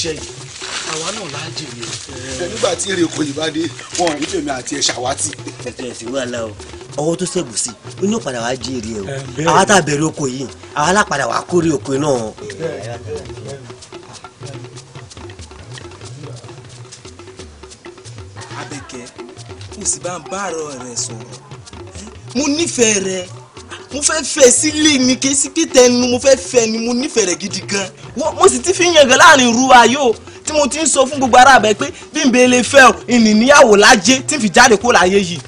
iṣẹ́ yìí àwa náà là á jèrè o. nígbà tí èrè kò yìí bá dé wọn ò ní tèmi àti ẹ ṣàwátì. ẹ kìlẹ̀ sí wàhálà o ọwọ́ tó ṣẹ́gun sí i ní òpadà wàá jèrè o àwa tá a bẹ̀rẹ̀ oko yìí àwa lápadà wàá kórè oko náà. abẹ́kẹ́ kò sì bá ń bá àrọ rẹ̀ sọ̀rọ̀ mo nífẹ̀ẹ́ rẹ̀ mo fẹ́ fẹ́ sílé ni kí n sì pé tẹnu mo fẹ́ fẹ́ ni mo nífẹ̀ẹ́ rẹ̀ gidi gan mo sì ti fi ń yangàn láàrin irú ayé o tí mo ti ń sọ fún gbogbo ara bẹ pé bí n bẹ lè fẹ́ o ìnìníyàwó lájẹ tí n fi jáde kó láyé yìí.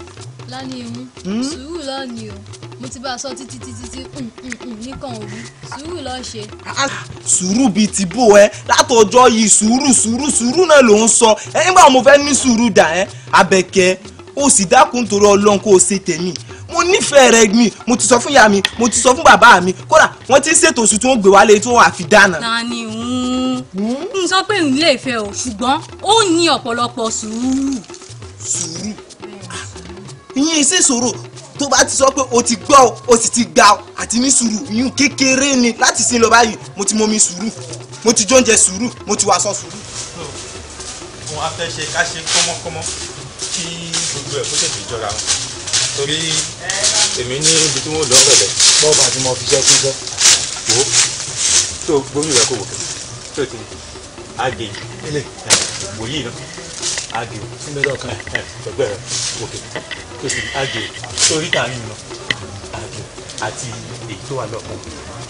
lánìí mú hmm? sùúrù lọ́ọ̀nì o mo ti bá a sọ títí títí tí hmm, hmm, nìkan òru sùúrù lọ ṣe. Ah, sùúrù bíi ti bò ẹ látọjọ́ yìí sùúrù sùúrù sùúrù náà ló ń sọ ẹ nígbà mo fẹ́ ní sùúrù dà ẹ Àbẹ̀kẹ́ o sì dákun torí Ọlọ́run kó o ṣe tèmi mo nífẹ̀ẹ́ rẹ mi mo ti sọ fún ìyá mi mo ti sọ fún bàbá mi kódà wọ́n ti ń ṣètò oṣù tí wọ́n gbé wálé tí wọ́n àfi dáná. nani hmm? n sọ pé n lè fẹ́ o ṣùgbọ́n ó ní ọ̀pọ̀lọpọ̀ sùúrù. sùúrù ah, ìyẹn ìṣe ìṣòro tó bá ti sọ pé o ti gbọ́ o sì ti gbà àti ní sùúrù ìyún kékeré ni láti sin lọ báyìí mo ti momi sùúrù mo ti jóúnjẹ sùúrù mo ti wàṣọ sùúrù. mo á ṣe ká ṣe kọ́mọ́kọ́mọ́ kí gbogbo ẹ̀ kó tètè jọra wọn torí èmi ní ibi tí wọ́n lọ rẹ̀lẹ̀. bọ́ọ̀ bá ti mọ fi ṣẹ́kú jẹ́. wo tó gbórí rẹ kò wò kẹ́ tó ti àgè ilé wò yìí náà àgè o. níbẹ̀ lọ́kàn ẹgbẹ́ rẹ wò kẹ́ tó ti àgè o torí tà ń yìn lọ àgè àti èyí tó wà lọ́kàn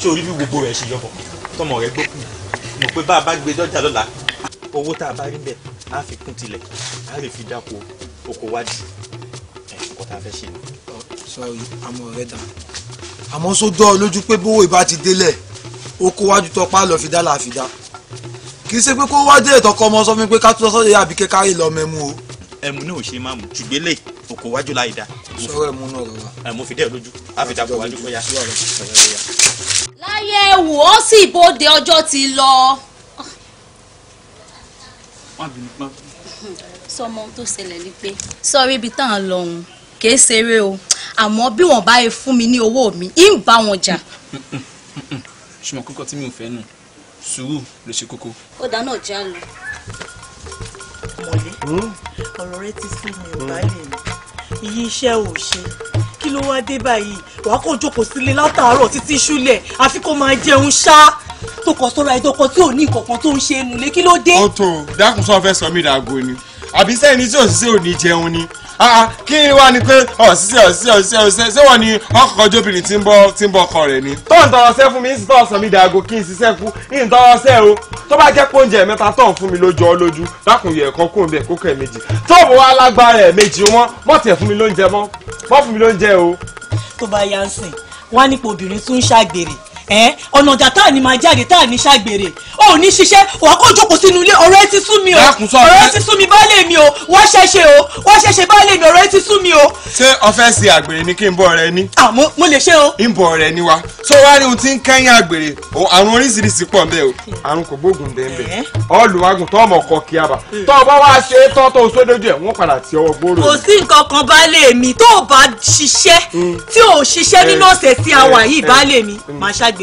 ṣé orí bí gbogbo rẹ̀ ṣe yọ̀bọ̀ tọmọ rẹ gbókù mọ̀ pé bá a bá gbé dọ́jà lọ́la owó tá a bá rí bẹ́ẹ̀ á fi kún tilẹ̀ á lè fi dáko oko tá a fẹ́ ṣe. sọ àmọ́ rẹ dà àmọ́ sọ lójú pé bówó ìbá ti délẹ̀ ó wájú tọpá lọ fi dá là dá kì í ṣe pé kó wá dé ìtọ́kọ ọmọ sọ fún mi pé ká tó sọ́dọ̀ yà àbí kékeré lọ mẹ́mu o. ẹmu náà ò ṣe máa mú ṣùgbẹ́lẹ̀ òkò wájú láì dá. sọ̀rọ̀ ẹ̀mú náà lọ́wọ́. ẹ̀mú fi dẹ́ lójú á fi dàpọ̀ wájú kóyá. láyé ẹ̀wù ó sì bóde ọjọ́ ti lọ. sọmọ tó ṣẹlẹ̀ ni pé sọ ibi tá à ń lọ òun kìí ṣeré o àmọ́ bí wọ́n bá yẹ fún mi ní owó mi ń bá wọn jà. ṣùgbọ́n kókó tí mi ò fẹ́ nù sùúrù ló ṣe kókó. ó dáná ọjà lọ. mọ̀lẹ́ hmm? ọ̀rọ̀ rẹ ti sú mi ò báyìí iye iṣẹ́ ò ṣe kí ló wá dé báyìí wàá kò jókòó sílé látàárọ̀ títí ṣúlẹ̀ àfi kó máa jẹun ṣá tó kọ sọ́ra tí ò ní kankan tó ń ṣe é nulẹ̀ kí ló dé. ọ̀tọ̀ dákun sọ fẹ́ sọ mí dàgò ni àbí sẹ́yìn tí òṣìṣẹ́ ò jẹun ni Ah, ah, kí ni wàá ni pé ọ̀sísẹ́ oh, ọ̀sísẹ́ ọ̀sísẹ́ ọ̀sísẹ́ ṣé wọ́n ni ọkọ̀ ọjọ́ obìnrin tí ń bọ́ tí ń bọ́ ọkọ rẹ̀ ni. tó ń tọrọ sẹ́ fún mi ń tọ́ ọ̀sán mi dàgò kí n ṣiṣẹ́ kú ń tọrọ sẹ́ o tó bá jẹ́ oúnjẹ mẹ́ta tó ń fún mi lójú ọ lójú lákùnrin ẹ̀kọ́ kún bẹ́ẹ̀ kókó ẹ̀ méjì tó bọ̀ wá lágbára ẹ̀ méjì wọn mọ̀ tiẹ̀ fún mi lóúnjẹ mọ́ mọ́ fún mi lóúnjẹ o. tó bá yá ń sìn wọn á nípa obìnrin tún ń ṣàgbèrè ẹ eh, ọ̀nà ọ̀dà tá à ní máa jáde tá à ní ṣàgbèrè ó ní ṣiṣẹ́ wàá kó jókòó sínú ilé ọ̀rọ̀ ẹ ti sú mi o ọ̀rọ̀ ẹ ti sú mi baálé mi o wọ́n ṣẹ̀ṣẹ̀ o wọ́n ṣẹ̀ṣẹ̀ baálé mi ọ̀rọ̀ ẹ ti sú mi o. ṣé ọfẹ́ ṣe àgbèrè ni kí n bọ̀ rẹ ní. àmọ́ ah, mo lè ṣe o. ń bọ̀ rẹ ní wa tó wá ní ohun tí ń kẹ́yìn àgbèrè àrùn oríṣiríṣi pọ̀ nbẹ o àrùn kò gbóògùn bẹ́ẹ̀ eh? ọlùwàgùn tó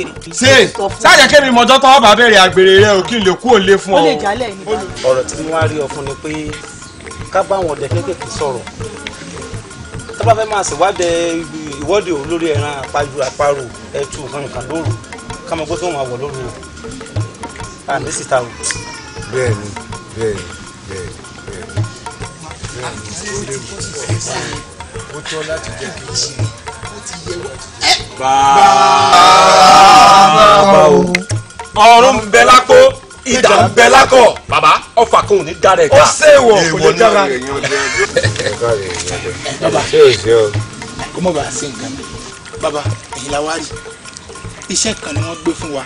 àgbèrè. ṣe ṣáàjẹ kébì mọjọ tọwọ bá bẹ̀rẹ̀ àgbèrè rẹ o kí n lè kú òlé fún ọ. ó lè jálẹ ní báyìí. ọ̀rọ̀ tí mo wá rí ọ fún ni pé ká bá àwọn ọdẹ kéékèèké sọ̀rọ̀ tó bá máa ṣèwádẹ ìwọ́de òru lórí ẹran àpájù àparò ẹtù nǹkan lóru ká mọ gbọ́dọ̀ máa lóru o à ní síta o. bẹ́ẹ̀ni bẹ́ẹ̀ni bẹ́ẹ̀ni bẹ́ẹ̀ni ó léwu ó tọ́ láti jẹ́ kí ó sí bàbá o ọ̀run ń bẹ lápò ìdá ń bẹ lákọ̀ bàbá ọfà kan ò ní dára ẹ̀ka. ó ṣe ìwọ kò ní dára. bàbá kó mọ̀ bá a ṣe nǹkan bàbá ẹ̀yin la wá rí iṣẹ́ kan ni wọ́n gbé fún wa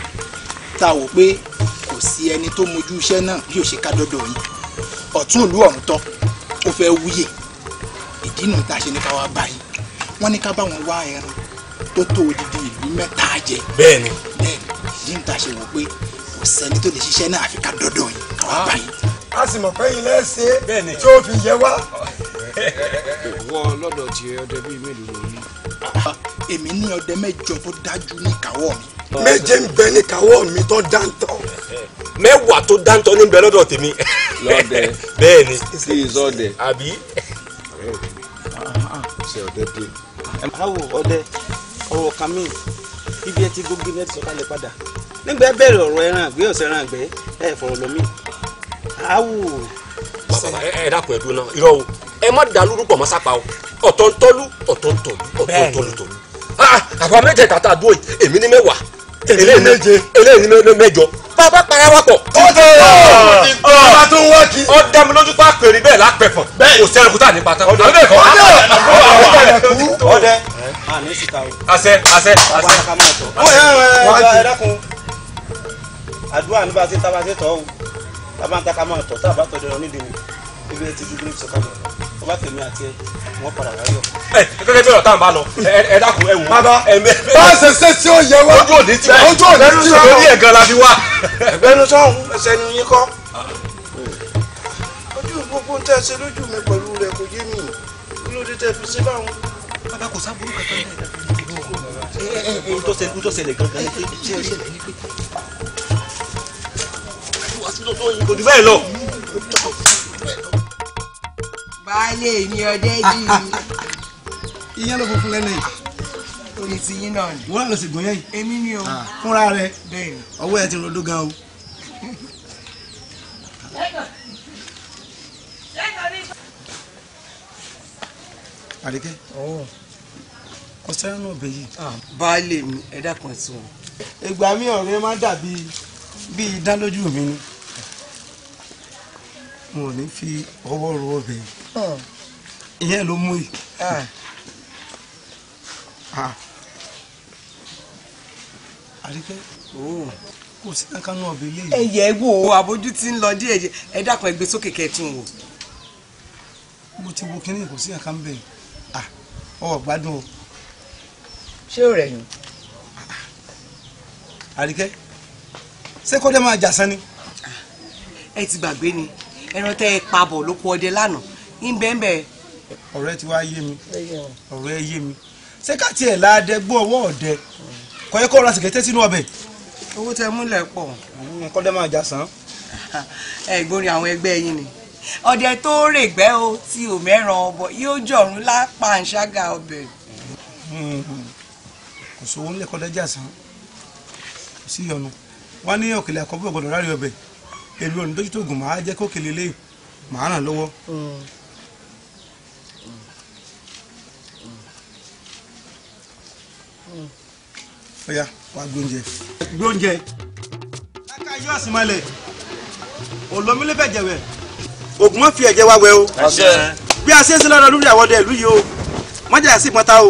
tá a wò pé kò sí ẹni tó mojú iṣẹ́ náà bí ó ṣe ká dọ́dọ̀ yìí ọ̀tún ìlú ọ̀run tọ́ ó fẹ́ wúyè ìdí nù tá a ṣe ní ká wá bá wọ́n ní ká bá wọn wá ẹran tó tó odidi ìlú mẹ́ta jẹ. bẹ́ẹ̀ni. bẹ́ẹ̀ni yìí ń ta ṣe wò pé kò sẹ́ni tó lè ṣiṣẹ́ náà àfi ká dọ́dọ̀ yìí káwá báyìí. a sì mọ̀ pé ilé ṣe tí ó fi yẹ wá. wọ lọ́dọ̀ tí ọdẹ bíi mélòó ló ní. èmi ní ọdẹ mẹ́jọ tó dájú ní ìkáwọ́ mi. méje ń bẹ ní ìkáwọ́ mi tó dáńtọ́ mẹ́wàá tó dáńtọ́ níbẹ̀ lọ́dọ̀ tèmi. lọ́dẹ bẹ́ẹ̀ sí ìzọ́dẹ. àbí. ṣe ọ̀dẹ́ dé awo ọdẹ ọ̀rọ̀ kan mi ibi ẹ ti gbogbo ibi ẹ ti sọ̀kalẹ̀ padà nígbà ẹ bẹ̀rẹ̀ ọ̀rọ̀ ẹran àgbẹ̀ ọ̀sẹ̀ ẹran àgbẹ̀ ẹ fọ̀rọ̀ lọ mí awo. bàbá ẹ dàpọ̀ ẹ dúró náà irọ́ o ẹ má dàlúrú pọ̀ mọ́sápá o ọ̀tọ̀ ń tọ́lú ọ̀tọ̀ ń tọ́lú ọ̀tọ̀ ń tọ́lú tọ́lú. Ah, àbá mẹ́tẹ̀ẹ̀ta tá èmi ní mẹ́wàá eléyìí méje eléyìí ló mẹ́jọ bàbá para wa pọ̀. ó ti tọ́ ọba tó ń wájú. ó dá mi lójú pa pèrè bẹ́ẹ̀ lápẹ̀fọ̀n kò sẹ́yìn kúta nípa tán. ọdẹ ọdẹ ọdẹ ọdẹ àṣẹ àṣẹ àṣẹ. ẹ dákun àdúrà ní bá tábà ṣe tọ́ o tábà ń ta máa tọ́ tábà tọ́ dẹrọ nídìí ebi ẹ ti dúdú ní sọ̀kalẹ̀ ọ bá tẹ̀mí àti ẹ wọ́n padà wáyọ̀. ẹ ẹ gẹ́gẹ́ bí ọ̀tá ń bá lọ ẹ dákun ẹ wò. bàbá bá a ṣe ṣe tí ó yẹ wá ojú òní tí wá ojú òní tí wá lórí ẹ̀ gan la fi wá. ẹgbẹ́nu sọ́hún ẹsẹ̀ ni yín kọ́. ojú gbogbo tẹ́ ẹ ṣe lójú mi pẹ̀lú rẹ̀ kò yé mi olóde tẹ́ fi ṣe báwọn. bàbá kò sábà orúkọ tó ń bẹ̀rẹ̀ dàbí. ntọ́sẹ̀lẹ̀ gangan ni pé ṣé ẹ ṣe lẹ́yìn pé baálé mi ọdẹ ah, yìí. Ah, ah, ìyẹn ló funfun lẹ́nu yìí. orí ti yín náà ni. wọ́n lọ sí gbọ́n yẹn. èmi ni o. fúnra rẹ ọwọ́ ẹ ti rodó gan o. àríkẹ́ ọ̀sẹ̀ náà ọbẹ̀ yìí. baálé mi ẹ̀dá kan sí wọn. ìgbà mi ọ̀rẹ́ máa dàbí bíi ìdánlójú mi ni wọn ò ní fi ọwọ́ ro ọbẹ̀ hmm. ìyẹn ló mú yìí. Ah. Ah. àríkẹ́ hmm. kò sí kankan náà ọbẹ̀ ilé yìí. ẹyẹ wo àbójú ti ń lọ díẹ̀ ẹ dákun ẹ gbé sókè kẹtùn wò. mo ti wo kínní kò sí kankan bẹ́ẹ̀ ọwọ́ ah, gbádùn o. ṣé o rẹ̀ yín. àríkẹ́ ṣé kọ́dẹ́ máa jà sani. ẹ ti gbàgbé ni ẹran tẹ́ ẹ pa bọ̀ ló kú ọdẹ lánàá ń bẹ́ẹ̀ bẹ́ẹ̀. ọ̀rẹ́ ti wá yé mi ọ̀rẹ́ yé mi ṣé ká tiẹ̀ láadẹ gbọ́ ọwọ́ ọ̀dẹ kọ́ yẹ kó ra sínú ọbẹ̀. owó tẹ múlẹ̀ pọ̀. nǹkan dẹ́ máa jà sàn. ẹ gbórin àwọn ẹgbẹ́ yín ni ọdẹ tó règbẹ́ o tí ò mẹ́ràn ọbọ yóò jọ̀rún lápá àǹṣágà ọbẹ̀. Hmm. kò sówó ńlẹ̀ kọ́ dẹ́jà sàn kò sí ìyọnu wọn ní òkèlè àkọ́bí ògbọ́dọ̀ rárí ọbẹ̀ èmi ò ní dójú tó gùn máa jẹ́ kó kele lé màá ràn lọ́wọ́. ọ̀ya wàá gbóúnjẹ. gbóúnjẹ káká yóò sì mọ́lẹ̀ olómìnira fẹ́ jẹ̀wẹ̀ oògùn má fi ẹ̀jẹ̀ wá wẹ̀ o bí a ṣe ń ṣe lọ́dọ̀ lórí àwọ̀dẹ ìlú yìí o mọ́jà sí pọ́ntà o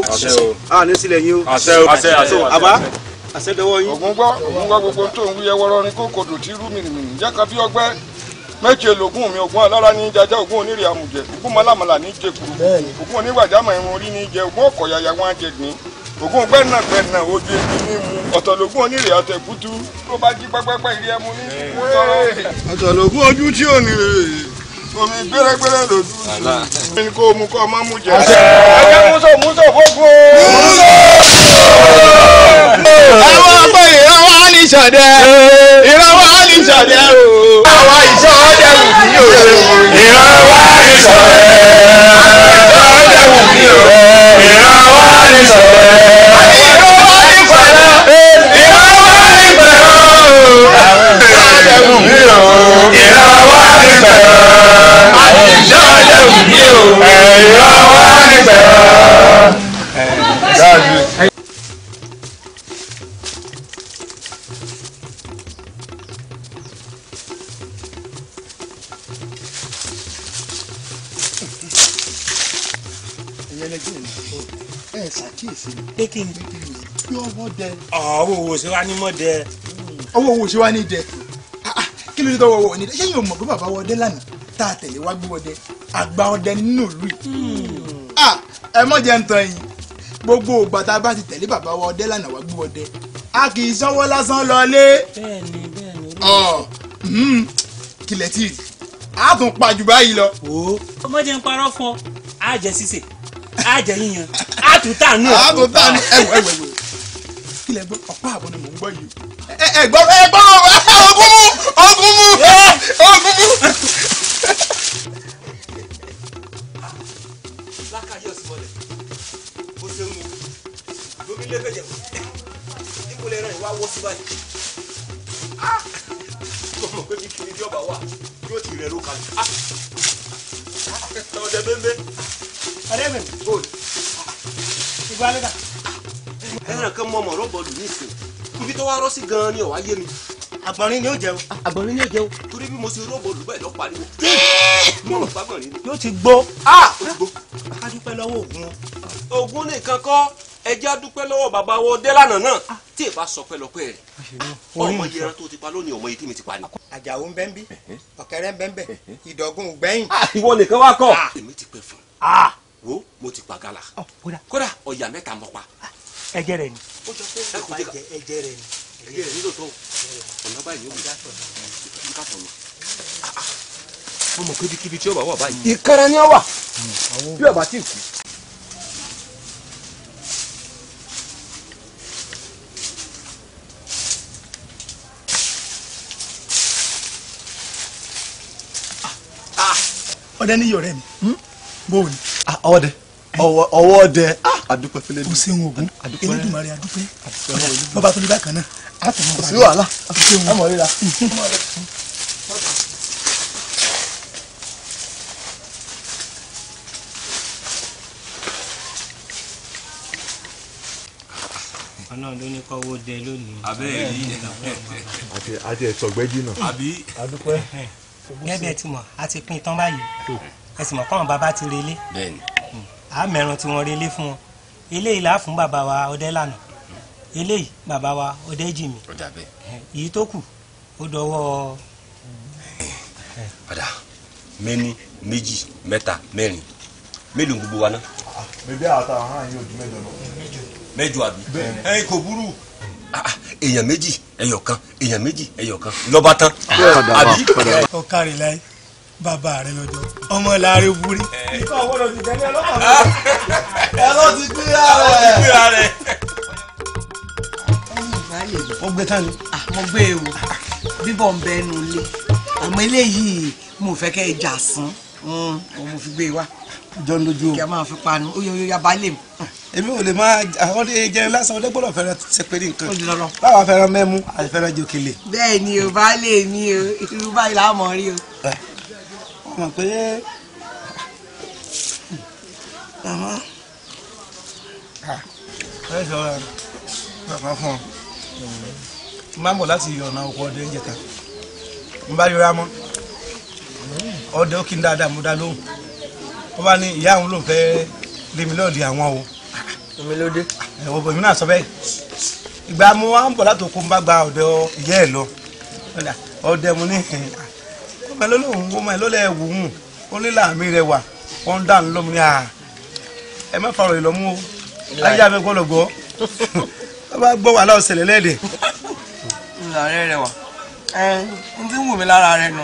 A àní sílẹ̀ yín o àbá àṣẹdọwọ yín. ògùn gbọ́ ògùn gbọ́ gbogbo tó ń wúyẹ wọ́rọ́ ní kókòdò tí rú mìnìmìnì jẹ́ bí ọgbẹ́ méje lògùn mi ògùn alára ní jajá ògùn onírè àmùjẹ ògùn malamala ní jẹkuru ògùn onígbàjámọ̀ irun orí ní jẹ ògùn ọ̀kọ̀yàyà wọn á jẹ gbìn ògùn gbẹ́nàgbẹ́nà ojú ebi ní mu ọ̀tọ̀lógún onírè àtẹ̀kútú tó bá jí pẹ́pẹ́pẹ́ ìrí ẹmu ní ìwúrọ̀. ọ̀tọ̀lógún ojú tí ò ní rèé omi gbẹ́rẹ́gbẹ́rẹ́ lòdù ní kó mú kọ́ ọmọ mú jẹ. ẹgbẹ́ muso muso fógun. muso àwọn pé ìrànwọ́ á ìṣọ̀dẹ ìrànwọ́ á ìṣọ̀dẹ o. ìṣọ̀dẹ wù mí o. ìrànwọ́ á ní ìṣọ̀dẹ. ìṣọ̀dẹ wù mí o. ìrànwọ́ á ìṣọ̀dẹ. kí ni wo ṣe wá ní mọ́ dẹ. ọwọ́ wo ṣe wá ní dẹ ah, ah, kí ló dé tọwọ́ wọ̀ ní dẹ ṣé yóò mọ̀ pé bàbá wọdẹ lánàá tá a tẹ̀lé wá gbé wọdẹ àgbà ọdẹ nínú ìlú yìí. Ah, ẹ mọ̀ jẹ́ ń tan yìí gbogbo ìgbà tá a bá ti tẹ̀lé bàbá wọdẹ lánàá wá gbé wọdẹ a kì í sanwó lásán lọlé. bẹ́ẹ̀ni bẹ́ẹ̀ni olóòtú. kìlẹ̀ tí a tún pa jù báyìí lọ. ọmọ jẹ́ ń parọ́ fún ọ á jẹ á jẹ yíyan á tún tà náà. á tún tà náà ah. ẹwọ ẹwọ ẹwọ kílẹ̀ gbọ́ ọ̀pá àbọ̀ ni mò ń gbọ́ yìí. ẹ ẹ gbọ́ ẹ gbọ́ ogun mu ogun mu ogun mu. lákàyè ọ̀sìn bọ̀lẹ̀ bó ṣe ń mu lórí lébèjẹ̀ níbo lè ràn ìwà wọ́ sí báyìí. ọmọ ah! pé kí kiri jọba wà yóò ti rẹ̀ ló kalẹ̀. Ah! ọ̀dẹ̀ bẹ́ẹ̀ ọ̀rẹ́ mi gold ìgbà lẹ́dà. ẹnì kan mọ mọ̀rọ̀ bọ́ọ̀lù nísìn ibi tó wá rọ́ sí gan-an ni ọ̀wá yé mi. àgbọ̀nrín ni ó jẹun. àgbọ̀nrín ni ó jẹun. torí bí mo ṣe rọ́ bọ́ọ̀lù bẹ́ẹ̀ lọ pariwo. mo rò fágbọ̀nrín ni. yóò ti gbó. a ó ti gbó. a dúpẹ́ lọ́wọ́ ògùn. ògùn nìkan kọ́ ẹjẹ́ a dúpẹ́ lọ́wọ́ bàbá wọ dé lánàá náà ah. tí ìbá sọ pẹ́lọpẹ́ rẹ̀ ọmọ yẹra tó ti pa lónìí ọmọ yìí tí mi ti pa ni. àjàwó ń bẹ́ ń bí ọ̀kẹ́rẹ́ ń bẹ́ ń bẹ́ ìdọ̀gùn gbẹ́yìn. Ah, ìwọ wo mo ti pa gala. Oh, kódà kódà ọ̀yà mẹ́ta mọ̀ pa. Ah, ẹ̀jẹ̀ rẹ ni. ó jọ pé ẹ̀jẹ̀ rẹ ni. ẹ̀jẹ̀ rẹ ni lóòótọ́ ọ̀nà báyìí ó bí ká sọ̀rọ̀ ah, ah. mo mọ̀ kébi kíbi tí ó bá wà báyìí. ìkẹrẹ ni ó wà hmm, bí ọba tí kú. ọdẹ níyì ọ̀rẹ́ mi hmm? bóò ni. Ah, ọwọ́dẹ ọwọ́dẹ ah, adúpẹ́ fẹlẹ́ dùn. o ṣeun ogun Elédùmarè adúpẹ́ bàbá tó ní bákan náà a tẹ̀ mọ́ pàdé. wàhálà a mọ̀ rírà. ọlọ́run ló ní kọ́wọ́ dẹ lónìí. abẹ́ẹ̀ yìí àti àti ẹ̀sọ̀gbẹ́jì náà. àbí. adúpẹ́. gẹ́gẹ́ bí ẹ ti mọ̀ a ti pín tán báyìí. ẹ sì mọ̀ káwọn bàbá ti relé à tí wọ́n relé fún wọn eléyìí là bàbá wa ọdẹ lànà eléyìí bàbá wa ọdẹ jì mí èyí tó kù ó dọwọ́. padà mẹ́ni méjì mẹ́ta mẹ́rin mélòó gbogbo wa náà. bébí àtàwọn hàn yóò di mẹ́jọ lọ. mẹ́jọ àbí ẹ kò burú ah, ah, èèyàn méjì ẹyọ kan èèyàn méjì ẹyọ kan lọ́ba tán àbí. láyé. bàbá rẹ lọ́jọ́ ọmọ làárẹ wúrí. ìfọ ọwọ́dọ̀ ti tẹ́lẹ̀ ọlọ́pàá mi. ẹ̀rọ ti gbéra rẹ̀. ẹ̀rọ ti gbéra rẹ̀. mo gbé tán ni. Ah, mo gbé e wò bíbọ̀ ń bẹ ẹnu ilé àmọ́ eléyìí mo fẹ́ kẹ́ ẹ jà sán mo fi gbé e wá. jọ lójú o kí a máa fi panu ó yẹ yaba lè mu. Hmm. èmi ò lè máa àwọn jẹun lásán ọdẹ gbọ́dọ̀ fẹ́ràn ṣe pé ní nǹkan báwa fẹ́ràn mẹ́mú àti fẹ́ràn jòkèlè. bẹ́ẹ̀ o baálé mi o irú báyìí làá mọ̀ rí o. Eh mọ̀ pé màmá ah, ẹ jọ bàbá fún ọ n bá ń bọ̀ láti ọ̀nà òkú ọdẹ ń jẹta n bá yọra mọ́ ọdẹ ó kí n dáadáa mo dá lóhùn ó bá ní ìyá àwọn olóhùn fẹ́ lémi lọ́ọ̀dì àwọn o. omi ló dé. Ah, ẹ wọ́n bọ̀ èmi náà sọ bẹ́ẹ̀ ìgbà mo wá ń bọ̀ láti òkú n bá gba ọ̀dọ̀ ìyá ẹ̀ lọ ah, ọdẹ mo ní ọmọ ẹ ló lóun ọmọ ẹ ló lẹ wò ń ó ní láàmì rẹ wà wọn ń dà ń lọmọ ní à ẹ má farò ìlọmú o ayé abẹ gbọ́dọ̀ gbọ́ ọ bá gbọ́ wàhálà ọsẹlẹ lẹẹdẹ. ìlàrẹ rẹ wà ẹ n ti ń wù mí lára rẹ nù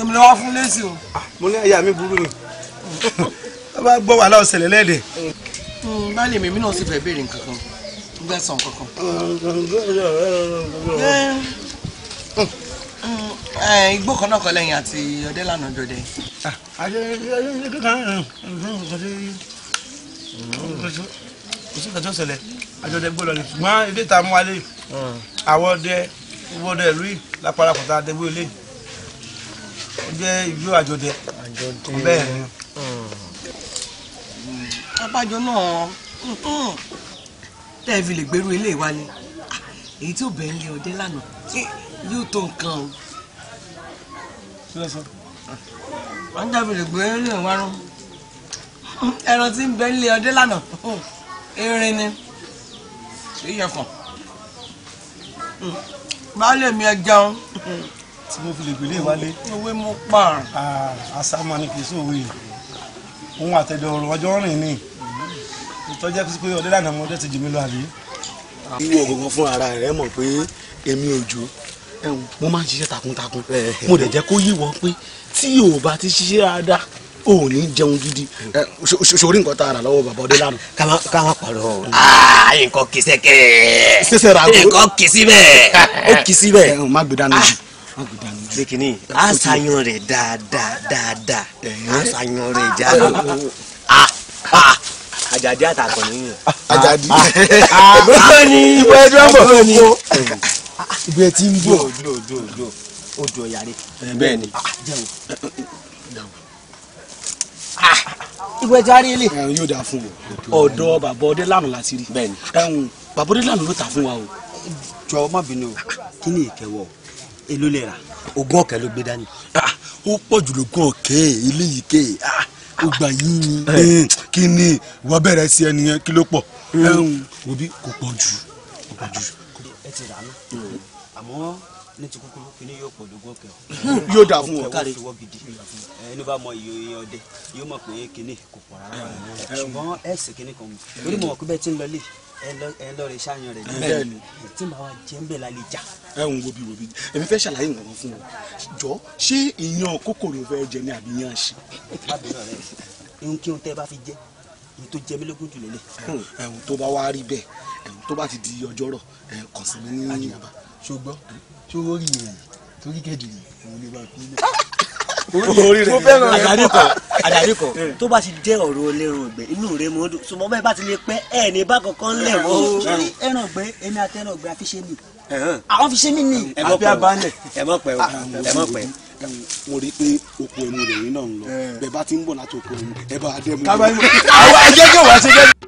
èmi lọ wá fún lẹ́sì o. mo ní aya mi burú ni ọ bá gbọ́ wàhálà ọsẹlẹ lẹẹdẹ. báyìí mi náà sì fẹ́ béèrè nǹkan kan gbẹ̀sán Mm, eh, igbó kan náà kọ lẹ́yìn àti ọdẹ lánàá jọdẹ. Ah, eh, eh, kòsíkà tó ṣẹlẹ̀ àjọdẹ gbọ́dọ̀ ni ṣùgbọ́n ilé ìta mú wálé àwọn ọdẹ ìwọ́dẹ ìlú yìí lápárapọ̀ tá a dẹ́gbé ilé ó jẹ́ ìlú àjọdẹ bẹ́ẹ̀ ni. Mm. abájọ náà mm-hmm. tẹ́ẹ̀ fi lè gbèrú ilé ìwálé ah, èyí tó bẹ̀ ń lé ọdẹ lánàá yóò tó nǹkan o. wọ́n ń dàbí ìrègbè ẹ̀rọ ìwà rún ẹran tí ń bẹ nílé ọdẹ lánàá erin ni ìyẹ̀fọ̀ baálé mi ẹ jẹun tí mo fi lè gbélé wálé. owó mú pa. àsámọ ni kì í sòwò yìí òun àtẹjọ ọ̀rọ̀ ọjọ́ rìn ni ìtọjẹ pé ọdẹ lánàá mo dẹ ti jù mí lọ àbí. ìwọ gbọngàn fún ara rẹ mọ̀ pé èmi ò jù mo máa ń ṣiṣẹ́ takuntakun mo dẹ̀ jẹ́ kó yíwọ pé tí o bá ti ṣiṣẹ́ dáadáa o ò ní jẹun gidi sori nǹkan tá a rà lọ́wọ́ bàbá ọdẹ lánàá. ká má pàrọ̀ ah, nǹkan kìsẹ́ kẹ́ sẹ́sẹ́ ra nǹkan kìsí bẹ́ẹ̀ ó kìsí bẹ́ẹ̀. má gbé dání jù ah, má gbé dání jù. bẹ́ẹ̀ni a ṣàyàn rẹ̀ dáadáa dáadáa a ṣàyàn rẹ̀ jáde ah, àjàdí àtàkùn nìyẹn. àjàdí. àgbẹ̀fẹ́ ni ìwé ẹjọ́ bọ̀ ìgbẹ́ ẹ ti ń bọ̀. ojú ojú ojú ojú ọ̀yà rẹ. bẹ́ẹ̀ ni. Ah, jẹ́wọ́ ìwé ah, ti arí ilé. yóò dáa fún o ọ̀dọ̀ bàbá ọdẹ lánàá láti rí ẹ̀hún bàbá ọdẹ lánàá ló tà fún wa o. jọ̀wọ́ má bínú o kí ni ìkẹwọ́ èló lè rà ogún ọ̀kẹ́ ló gbé dání. Ah, ó pọ̀ jù lógún ọ̀kẹ́ eléyìí ké ó gbà yín ni kí ni wọ́n bẹ̀rẹ̀ sí ẹnìyẹn kí ló pọ̀ ẹ̀hún òbí kò pọ̀ jù kò pọ̀ jù. ẹ ti rà á náà àmọ́ ní ti kúkúrú kí ni yóò pọ̀ lógún ọ̀kẹ́ o. yóò dà fún ọ kárí ìwọ gidi ẹni bá mọ iye ọdẹ yóò mọ̀ pé kinní kò pọ̀ rárá ṣùgbọ́n ẹ̀sìn kinní kan torí mo mọ̀ pé bẹ́ẹ̀ ti ń lọ lé ẹ lọ rẹ ṣáàyàn rẹ bẹ́ẹ̀ ni tí màá wá jẹ́ ń bẹ̀ lálẹ́ jà. ẹ ń wo bí wo bí èmi fẹ́ ṣàlàyé nǹkan fún ọ jọ ṣé ìyan kòkòrò fẹ́ jẹ ní àbí yan ṣe. bábìlọ rẹ ohun kí tó bá ti di ọjọ́ rọ̀ ẹ̀ kàn sí mi ní àyìnbá. ṣùgbọ́n tí ó rí ìyẹn torí kẹ́dìrì òun lè máa kú lẹ̀. orí rẹ̀ àdàrí kọ̀ àdàrí tó bá ti jẹ́ ọ̀rọ̀ olérò ọ̀gbẹ́ inú rẹ̀ mo dùn ṣùgbọ́n bẹ́ẹ̀ bá ti lè pẹ́ ẹ̀ ní bá kankan lẹ̀ mọ́. ẹran ọ̀gbẹ́ èmi àti ẹran ọ̀gbẹ́ àfiṣe mi àwọn fiṣe mi ni. ẹ mọ pẹ ẹ mọ pẹ ah, ẹ mọ pẹ mo rí i pé oko ẹnu rẹ̀ yín náà ń lọ eh. bẹ́ẹ̀ bá ti ń bọ̀ láti oko ẹnu ẹ bá a dẹ́ àwọn ẹjẹ́ kí wàá ṣe bẹ́ẹ̀.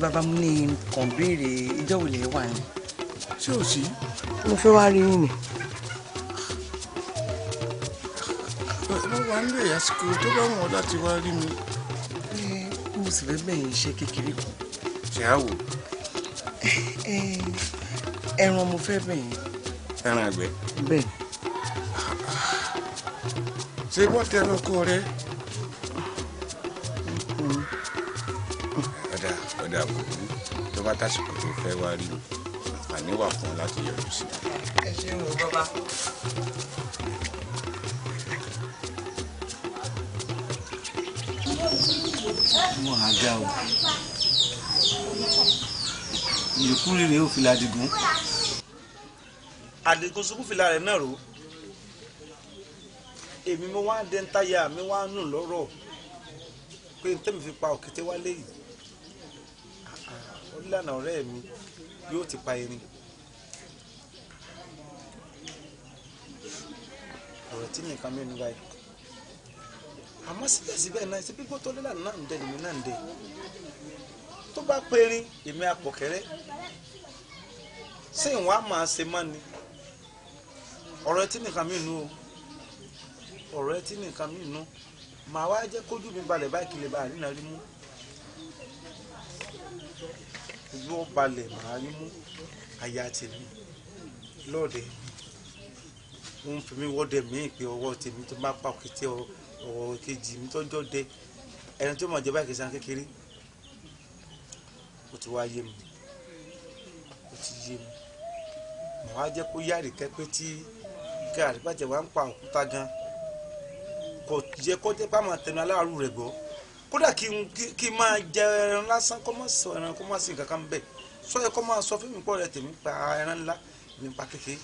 bàbá mo ní kàn béèrè ìjọ wo lè wà ní. ṣé o sí. mo fẹ́ wá rí yín ni. mo wà nílé àsìkò tó bá wọn láti wá rí mi. mo sì fẹ́ bẹ̀yìn iṣẹ́ kékeré kan. ṣé a wò. ẹran mo fẹ́ bẹ̀yìn. ẹran àgbẹ̀. bẹ́ẹ̀. ṣé wọ́n tẹnu kọ rẹ. dà kó rú tó bá tásìkò tó fẹ́ wá rí mi àní wà fún ọ láti yọjú sí. ẹ ṣe ń wo bọ́bá. mo hàn ga o ìlùkù rèé ó fi ladigun. àdìgún sunkún fìlà rẹ̀ náà rò èmi mo wá dé ń táyà mi wá nù lọ́rọ̀ pé n tẹ́mi fi pa òkété wálé yìí na ọ̀rẹ́ mi yóò ti pa erin ọ̀rọ̀ tí mẹ́nu àmọ́ síbẹ̀síbẹ̀ náà ṣe tó lélà náà ń dẹ lèmi náà ń dẹ tó bá èmi á ni ọ̀rọ̀ nìkan mí o ọ̀rọ̀ mi balẹ̀ báyìí kí lè ojú ó balẹ̀ màá rí mú àyà tèmi lọ́ọ̀dẹ̀ mi ń fi mí wọ́dẹ̀ mí pé ọwọ́ tèmi tó má pa òkété ọwọ́ kejì mi tọ́jọ́ dẹ ẹni tó mọ̀ jẹ́ báyìí kìsàn kékeré ó ti wá yé mi ó ti yé mi màá jẹ́ kó yáàrì kẹ́pẹ́ tí gàrí bàjẹ́ wá ń pa òkúta gan kò jẹ́ kó jẹ́ pàmò tẹnu aláàrú rẹ̀ gbọ́ kódà kí n kí n máa jẹ ẹran lásán kó má sọ ẹran kó má sí nǹkan kan bẹ́ẹ̀ sọ yẹ kó máa sọ fún mi pọ̀ rẹ tèmi pa ẹran ńlá mi pa kékeré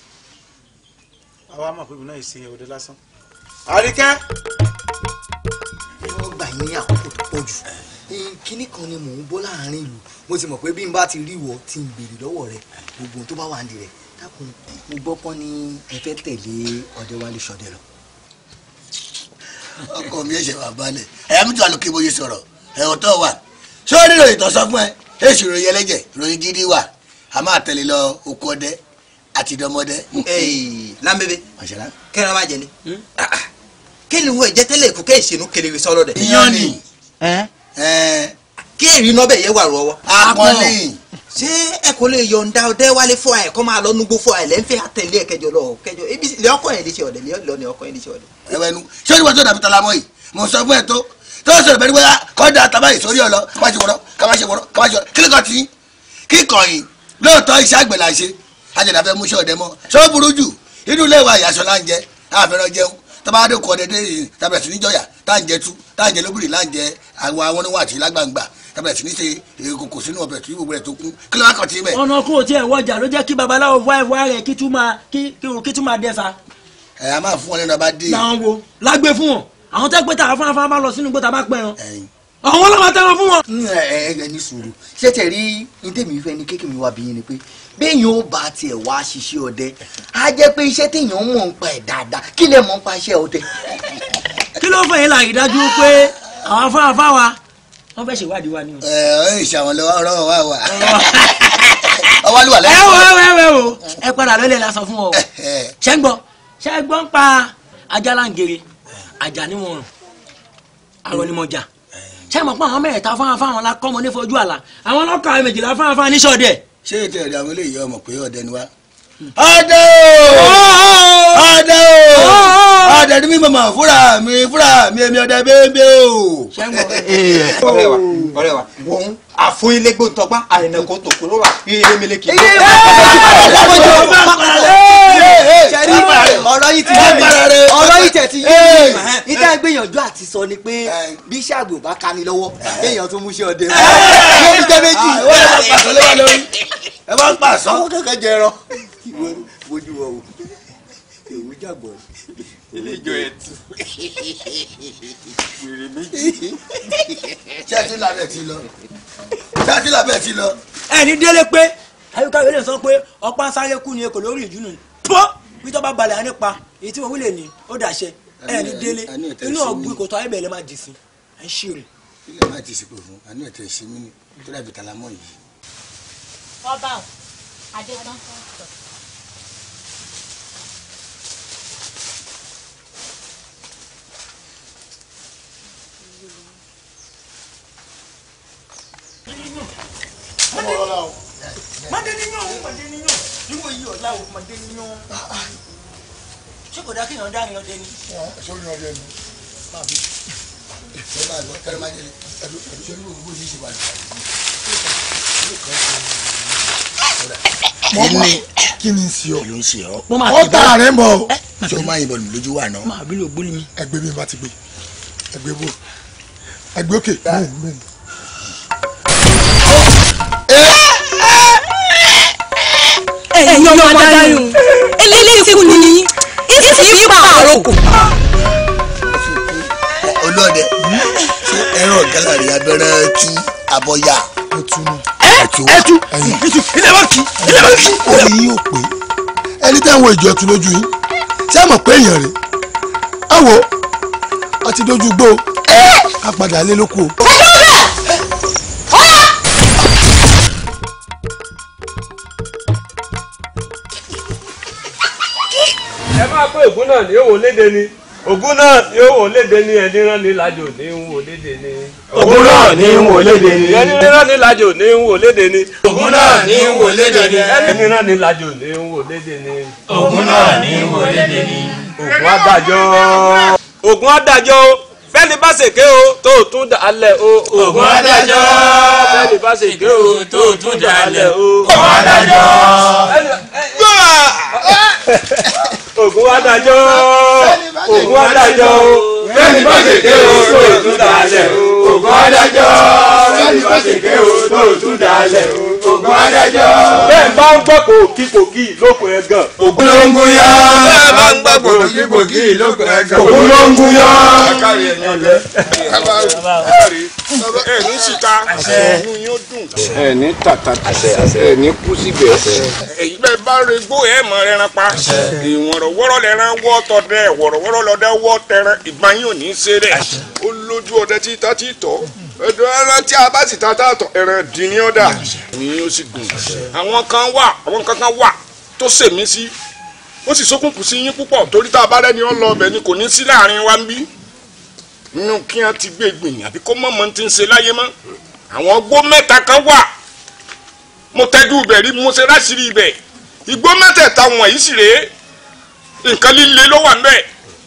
àwa máa pè mí náà ìsìn òde lásán. àríkẹ́. wọ́n gbà yín ní àkókò tó pọ̀ jù kínní kan ni mò ń bọ́ láàrin ìlú mo ti mọ̀ pé bí n bá ti rí ìwọ tí n béèrè lọ́wọ́ rẹ gbogbo tó bá wà ń di dákun mo gbọ́ pọ́n ní ẹ fẹ́ tẹ̀lé ọ̀dẹ́wálé ṣọdẹ lọ ọkọ mi ẹ̀ṣẹ̀ wà balẹ̀ ẹ̀yà mi tún àlòkè bóyá sọ̀rọ̀ ẹ̀wọ̀n tó wà ṣé ó nílò ìtọ́sọ fún ẹ èsì ìròyìn ẹlẹ́jẹ̀ ìròyìn gidi wà a máa tẹ̀lé lọ oko ọdẹ àti ìdánmọdẹ. lámbébé kẹrin ọba jẹ hmm? ah, ah. kí ni wọn jẹ tẹ́lẹ̀ ìkú kẹ ìṣèlú kele ìṣọlọdẹ. ìyọ́nì kí èrì iná bẹ̀ yẹ wà rọwọ́. akọni ṣé ẹ kò lè yọ̀ǹda ọdẹ wálé fún àyẹ̀kọ́ máa lọ nugbó fún àyẹ̀ lẹ́ńfẹ́ àtẹ̀lé ẹ̀kẹjọ lọ kẹjọ ebi lè ọkọ yẹn lè ṣe ọ̀dẹ̀ lè lọ ní ọkọ yẹn lè ṣe ọ̀dẹ̀. ẹwẹ nu ṣé oníwájú ọ̀dà bìtà lamọ́ yìí mò ń sọ fún ẹ tó tó ń sọ̀rọ̀ bẹ́ẹ̀ wá ah, kọ́ńdà tàbá yìí sórí ọ̀lọ́ kàmáṣe wọ̀rọ̀ kàmáṣe wọ̀rọ̀ kàmáṣe wọ̀rọ̀ kílíkọ̀ tí kíkọ̀yìn lóòótọ́ iṣẹ́ àgbẹ̀ là ń ṣe ajẹ̀dá fẹ́ mú sọ̀dẹ̀ mọ́ ṣé ó tábìlẹ̀ sí ní ṣe eh, kòkò sínú ọbẹ̀ tí gbogbo rẹ̀ tó kún kí ló wá kàn tí bẹ̀. ọ̀nà kò tiẹ̀ wọjà ló jẹ́ kí babaláwo wá ẹ̀wá rẹ̀ kí tún máa kí tún máa dẹ́sà. ẹ eh, a máa fún wọn lẹ́nu ọba dé. làwọn wo lágbè fún wọn àwọn tẹ́ pé tàwọn fúnra bá lọ sínú gbọ́ta bá pẹ́ wọn. àwọn ọlọ́mọ tẹ́ wọn fún wọn. ẹ ẹ ẹ ní sùúrù ṣé tẹ̀ rí ìdẹ́mi fẹ́ ni kéèké mi wá bí yín ni pé béèyàn ó bá tiẹ̀ wá ṣiṣẹ́ ọdẹ á jẹ́ pé iṣẹ́ téèyàn mọ̀ ń pa ẹ̀ dáadáa kí lè mọ̀ ń pa iṣẹ́ ọdẹ. kí ló fẹ́ yín láàyè dájú pé àwọn afárafá wa wọ́n fẹ́ ṣèwádìí wa ni o. ẹ ọ ìṣàwọn lọ ọ̀rọ̀ wa wà ọwọ́ ló wà lẹ́yìn. ẹ wo ẹ wo ẹ wo ẹ padà lọ́lẹ̀ la sọ fún ọ. ṣé ń gbọ́ ṣé ń gbọ́ ń pa ajálàǹgèrè àjà níwọ̀n àrọ̀nìmọ̀jà ṣé mo pọ́n àwọn mẹ́ẹ̀ta fáwọn fáwọn la kọ́ mọ ní fojú àlà àwọn ọlọ́kà méjìlá fáwọn fáwọn níṣọ́ọ̀dẹ. ṣé ètò ẹ̀rọ àwọn eléyìí ọmọ pé ọdẹ ni wá. Hmm. ọdẹ o oh! ọdẹ o. Oh! ọ̀dẹ̀ ní mímọ̀ mọ̀ mi fúnra mi èmi ọ̀dẹ̀ bẹ́ẹ̀bẹ́ o. ọ̀rẹ́ wa ọ̀rẹ́ wa wọ́n àfọyínlẹ́gbọ̀n tọ́gbà àrìnàkó tòkó ló wà ilémeleke. iye ìwé ọ̀rẹ́ wa sẹ́rí ọ̀rọ̀ yìí ti yé mi ọ̀rọ̀ yìí ti yé mi ìdá gbìyànjú àti sọ ni pé bí ò bá kani lọ́wọ́ kéèyàn tó mú ṣe ọ̀dẹ̀ ló ń jẹ́ méjì ó lè máa pàṣọ lé wa lórí ẹ máa ń pàṣọ. àwọn kẹ̀kẹ́ jẹ ẹran wojú wọ̀ wò èwú jàgbọ́ ni eléjọ ẹtù wèrè méjì. ṣáàtì làbẹ̀ ti lọ ṣáàtì làbẹ̀ ti lọ. ẹni délé pé ayúkà yóò lè sọ pé ọpá sáré kú ni ekò lórí ìjú nù pọ́ wíjọ́ bá balẹ̀ nípa èyí tí òun lè ní ó dàṣẹ ẹni délé inú ọ̀gbìn kò tó ayébẹ̀ lè má dì sí ẹ̀ ń ṣì rè. ilé má dì sí pé fún àánú ẹ̀tẹ̀ ìsinmi ni tó dàbí tàlámọ́ yìí. wọ́n bá mọdé níyàn òun mọdé níyàn níwò yìí ọ̀la òun mọdé níyàn ṣé dá kéèyàn dá yan dé ni. ṣé o yan dé ni. má bí ṣé bá lọ kẹrẹ má jẹlé ẹdun ẹdun ṣé olú òwúrò yìí ṣe wà ní. kí ni sí ọ yóò sí ọ ọ tà rẹ ń o máa yìnbọn lójú wa náà. má bí ló ẹgbẹ́ mi ẹgbẹ́ òkè ẹ̀yin ọmọ adarí eléyìí ti kú ni ìsì kì í pa àròkù. olóòdè ẹran gálàrí abẹ́rẹ́ tú abọ́yá. ẹtú ẹtú ilé wa kì í ilé wa kì í. orí yìí ò pé ẹni tí àwọn ìjọ tún lójú yín ṣé àmọ̀ pé èèyàn rè é àwọ̀ àti dojú gbó a padà lé lóko o. máa pé ògún náà ni òwò léde ni ògún náà ni òwò léde ni ẹni rán ni lájò ní ń wò léde ni. ògún náà ni ń wò léde ni. ẹni rán ni lájò ní ń wò léde ni. ògún náà ni ń wò léde ni. ẹni rán ni lájò ní ń wò léde ni. ògún náà ni ń wò léde ni. ògún adájọ́. ògún adájọ́ bẹ́ẹ̀ni bá ṣèké o tó tún dà á lẹ̀ o. ògùn adájọ́ bẹ́ẹ̀ni bá ṣèké o tó tún dà á lẹ̀ o. ògùn adájọ́ ògùn wa dájọ́ ògùn wa dájọ́ bẹ́ẹ̀ni bá ṣe ké o tó o tún dalẹ̀ ògùn wa dájọ́ bẹ́ẹ̀ni bá ṣe ké o tó o tún dalẹ̀ ògùn wa bẹ́ẹ̀ bá ń gbọ́ kò pòkípòkí lóko ẹ̀gàn. ògúnlógún yá. ẹ bá ń gbà pòkípòkí lóko ẹ̀gàn. ògúnlógún yá. kárí ẹ̀yìn ọ̀lẹ́. ẹ ní síta ọ̀hún yóò dùn. ẹ ní tàtà ẹ ní kú síbẹ̀. èyí bẹ́ẹ̀ bá rẹ gbó ẹ̀ mọ̀ ẹran pa. ìwọ̀rọ̀wọ́rọ̀ lẹ́ran wọ́ tọ̀dẹ̀ ìwọ̀rọ̀wọ́rọ̀ lọ́dẹ̀ wọ́ tẹran ìgbà yín ò ní í ṣeré. ó lójú ọdẹ tí tá tí tọ́ ẹdùn ẹran tí a bá sì ta tá àtọ̀ ẹran dín ní ọ̀dà ni ó sì dùn. àwọn kan wà àwọn kan kan wà tó sèmi sí ó sì ṣókùnkùn sí yín púpọ̀ torí tá a bá rẹ́ni ọ́ lọ ọbẹ̀ ni kò ní sí láàrin wa ń bí nínú kí wọ́n ti gbé gbìyànjú àbí kó mọ̀mọ́ ti ń ṣe láyé mọ́ àwọn ọgbó mẹ́ta kan wà mo tẹ́jú ibẹ̀ rí mo ṣe ráṣírí ibẹ̀ igbó mẹ́tẹ̀ẹ̀ta wọ̀nyí sì rèé nǹkan líle ló wà ń bẹ̀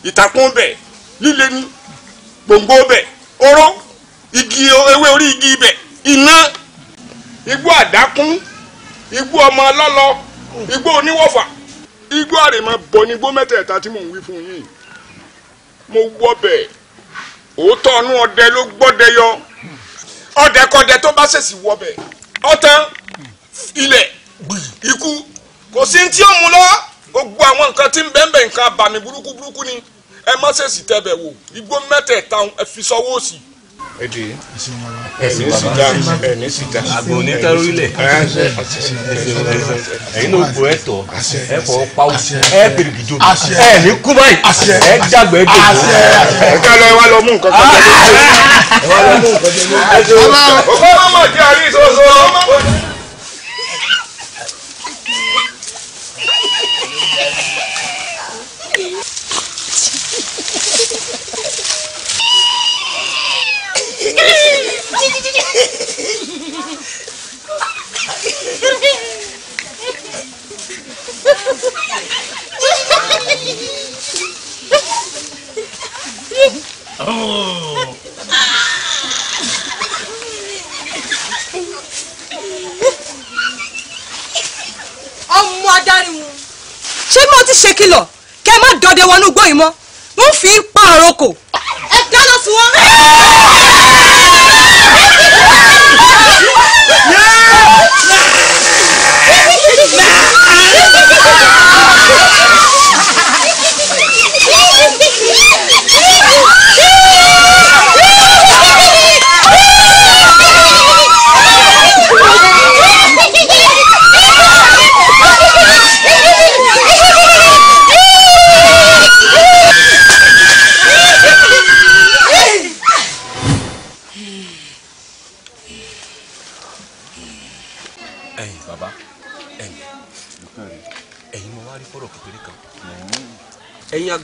ìtàkùn bẹ̀ líle ní gbòǹgbò bẹ̀ oró igi ewé orí igi ibẹ̀ iná igbó àdákún igbó ọmọ ọlọ́lọ́ igbó oníwọ̀fà igbó àrèmọ bọ ní igbó mẹ́tẹ̀ẹ̀ta tí mò ń wí fún yín mo wọ bẹ́ẹ̀ òótọ́ ọ̀nù ọdẹ ló gbọ́dẹ yọ ọdẹkọdẹ tó bá ṣèṣì wọ bẹ́ẹ̀ ọtán ilẹ̀ ikú kò sí tí ó mú lọ gbogbo àwọn nǹkan tí ń bẹ́ẹ̀nbẹ́ẹ̀ nǹkan abàmì burúkú burúkú ni ẹ má ṣèṣì tẹ̀bẹ̀ wò igbó mẹ́tẹ̀ẹ̀ta ẹ fi sọ́wọ́ sí i èdè ẹ̀mí sì dá ẹ̀mí àgbò ní tẹ́rọ̀lẹ̀ ẹ̀yin ló gbọ́ ẹ̀tọ́ ẹ̀fọ́ pawú ẹ̀ pèrèkì jò ẹ̀ ní kú báyìí ẹ̀ dàgbẹ́ jò. ẹ̀ka lọ ẹ lọ mú nǹkan kan jẹ́ lójú ẹ wá lọ mú nǹkan jẹ́ lójú. ọmọ ọmọ tí a rí sọ́sọ́. Oh. ọmọ adarí wọn. ṣé mo ti ṣe kìlọ̀ kẹ́ ẹ má dọdẹ wọnú gbóyìn mọ́ wọ́n fi í pa àrokò ẹ dáná sí wọn.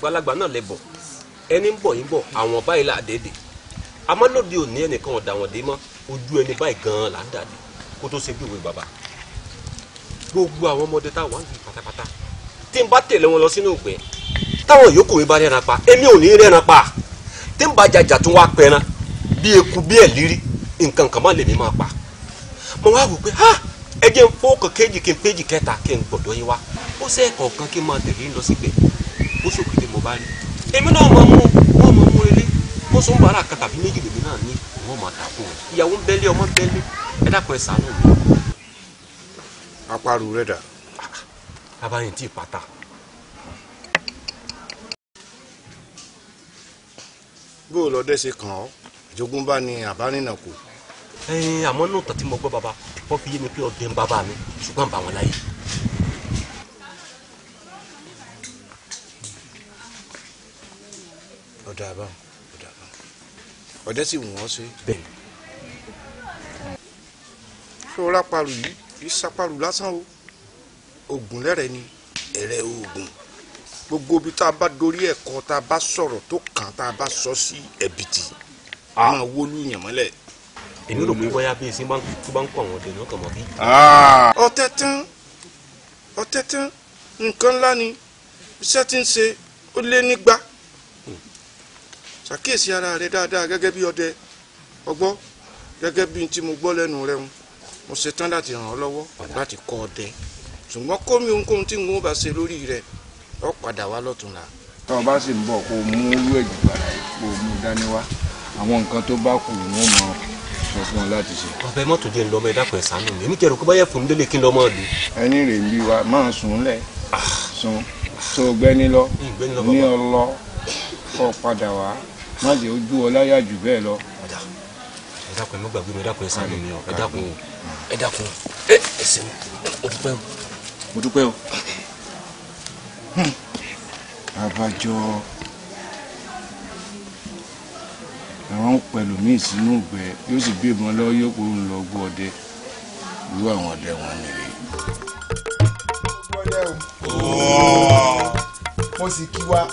àgbàlagbà náà lè bọ̀ ẹni ń bọ̀ yín bọ̀ àwọn báyìí là dédè àmọ́ lóde òní ẹnìkan ọ̀dà wọn dé mọ́ ojú ẹni báyìí gan-an là ń dàdé kó tó ṣe bí ìwé bàbá gbogbo àwọn ọmọdé táwọn ń gbìn pátápátá tí n bá tẹ̀lé wọn lọ sínú ìgbẹ́ táwọn yòókù mi bá rẹ́ran pa èmi ò ní rẹ́ran pa tí n bá jàjà tún wá pẹran bí eku bí ẹ̀lírí nǹkan kan má lèmi máa pa mo wá wò pé ha ẹ jẹ́ n fọ́ọ̀kọ̀ kéjì kí n péjì kẹta kí n gbọ̀dọ̀ yín wá ó sẹ́ẹ̀kọ̀ọ̀kan kí n máa tẹ̀lé lọ sígbẹ̀ẹ́ bó sòkété mo bá rí èmi náà mọ mú wọn mọ mú ilé mo sọ ń bàárà kan tàbí méjì lèmi náà ní wọn máa dà fún un ìyàwó ń bẹ́lẹ̀ ọmọ bẹ́lẹ̀ ẹ dákun ẹ ṣàánú mi. apárò rẹ dà. bàbá yẹn ti pàtà. bó o lọ dẹ́sẹ̀ kàn ọ́ ìjogúnbá ni àbárínà kù. àmọ́ náà tàbí mo gbọ́ bàbá wọ́n fi yé mi pé ọ̀dẹ̀ ń bàbá mi ṣùgbọ́n bàwọn láyé. ọ̀dà àbáwọn ọ̀dà àbáwọn ọ̀dẹ́ sì wù wọ́n ṣe. bẹ́ẹ̀ ṣòro apàrù yìí kì í lásán o oògùn lẹ́rẹ̀ ni ẹ̀rẹ̀ oògùn gbogbo ibi tá a bá dorí ẹ̀kọ́ tá a bá sọ̀rọ̀ tó kàn tá a bá sọ sí ẹ̀bìtì a máa wọlú yàn mọ́lẹ̀. èmi rò pé bóyá bí èsì tó bá ń kọ àwọn ọ̀dẹ̀ náà kàn mọ́ bí. Ah! ọ̀tẹ̀ tán ọ̀tẹ̀ tán nǹkan ńlá ni iṣẹ́ tí ń ṣe ó lé nígbà ṣàkíyèsí ara rẹ dáadáa gẹ́gẹ́ bí ọdẹ ọgbọ́ gẹ́gẹ́ bí tí mo gbọ́ lẹ́nu rẹ ń mo ṣetán láti ràn ọ́ lọ́wọ́ láti kọ́ ọdẹ ṣùgbọ́n kó mi ohunkóhun tí n ó bá ṣe lórí rẹ ọ padà wá lọ́tùnla. tó o bá sì ń bọ̀ kó o mú irú ẹ̀jìgbàrà kó o mú dání wá àwọn nǹkan tó bá kù ni wọ́n mọ sọ fún ọ láti ṣe. ọbẹ mọtò jẹ lọmọ ẹ dákun ẹ mi èmi jẹrò kó bá yẹ fún délé kí n lọmọ lù. ẹni rè ń bí wa máa sùn lẹ ah. sùn tó gbẹni lọ ní ọlọ kó padà wá má jẹ́ ojú ọ láyà jù bẹ́ẹ̀ lọ. ẹ dákun ẹ má gbàgbé mi ẹ dákun ẹ sáré mi ọ ẹ dákun ẹ dákun ẹ ẹsẹ mi mo dúpẹ́ o mo dúpẹ́ o. abájọ àwọn pẹ̀lú míì sínú ìgbẹ yóò sì bí ìbọn lọ yóò kó ń lọ gbọ ọdẹ irú àwọn ọdẹ wọn nìyẹn. mo sì kí wa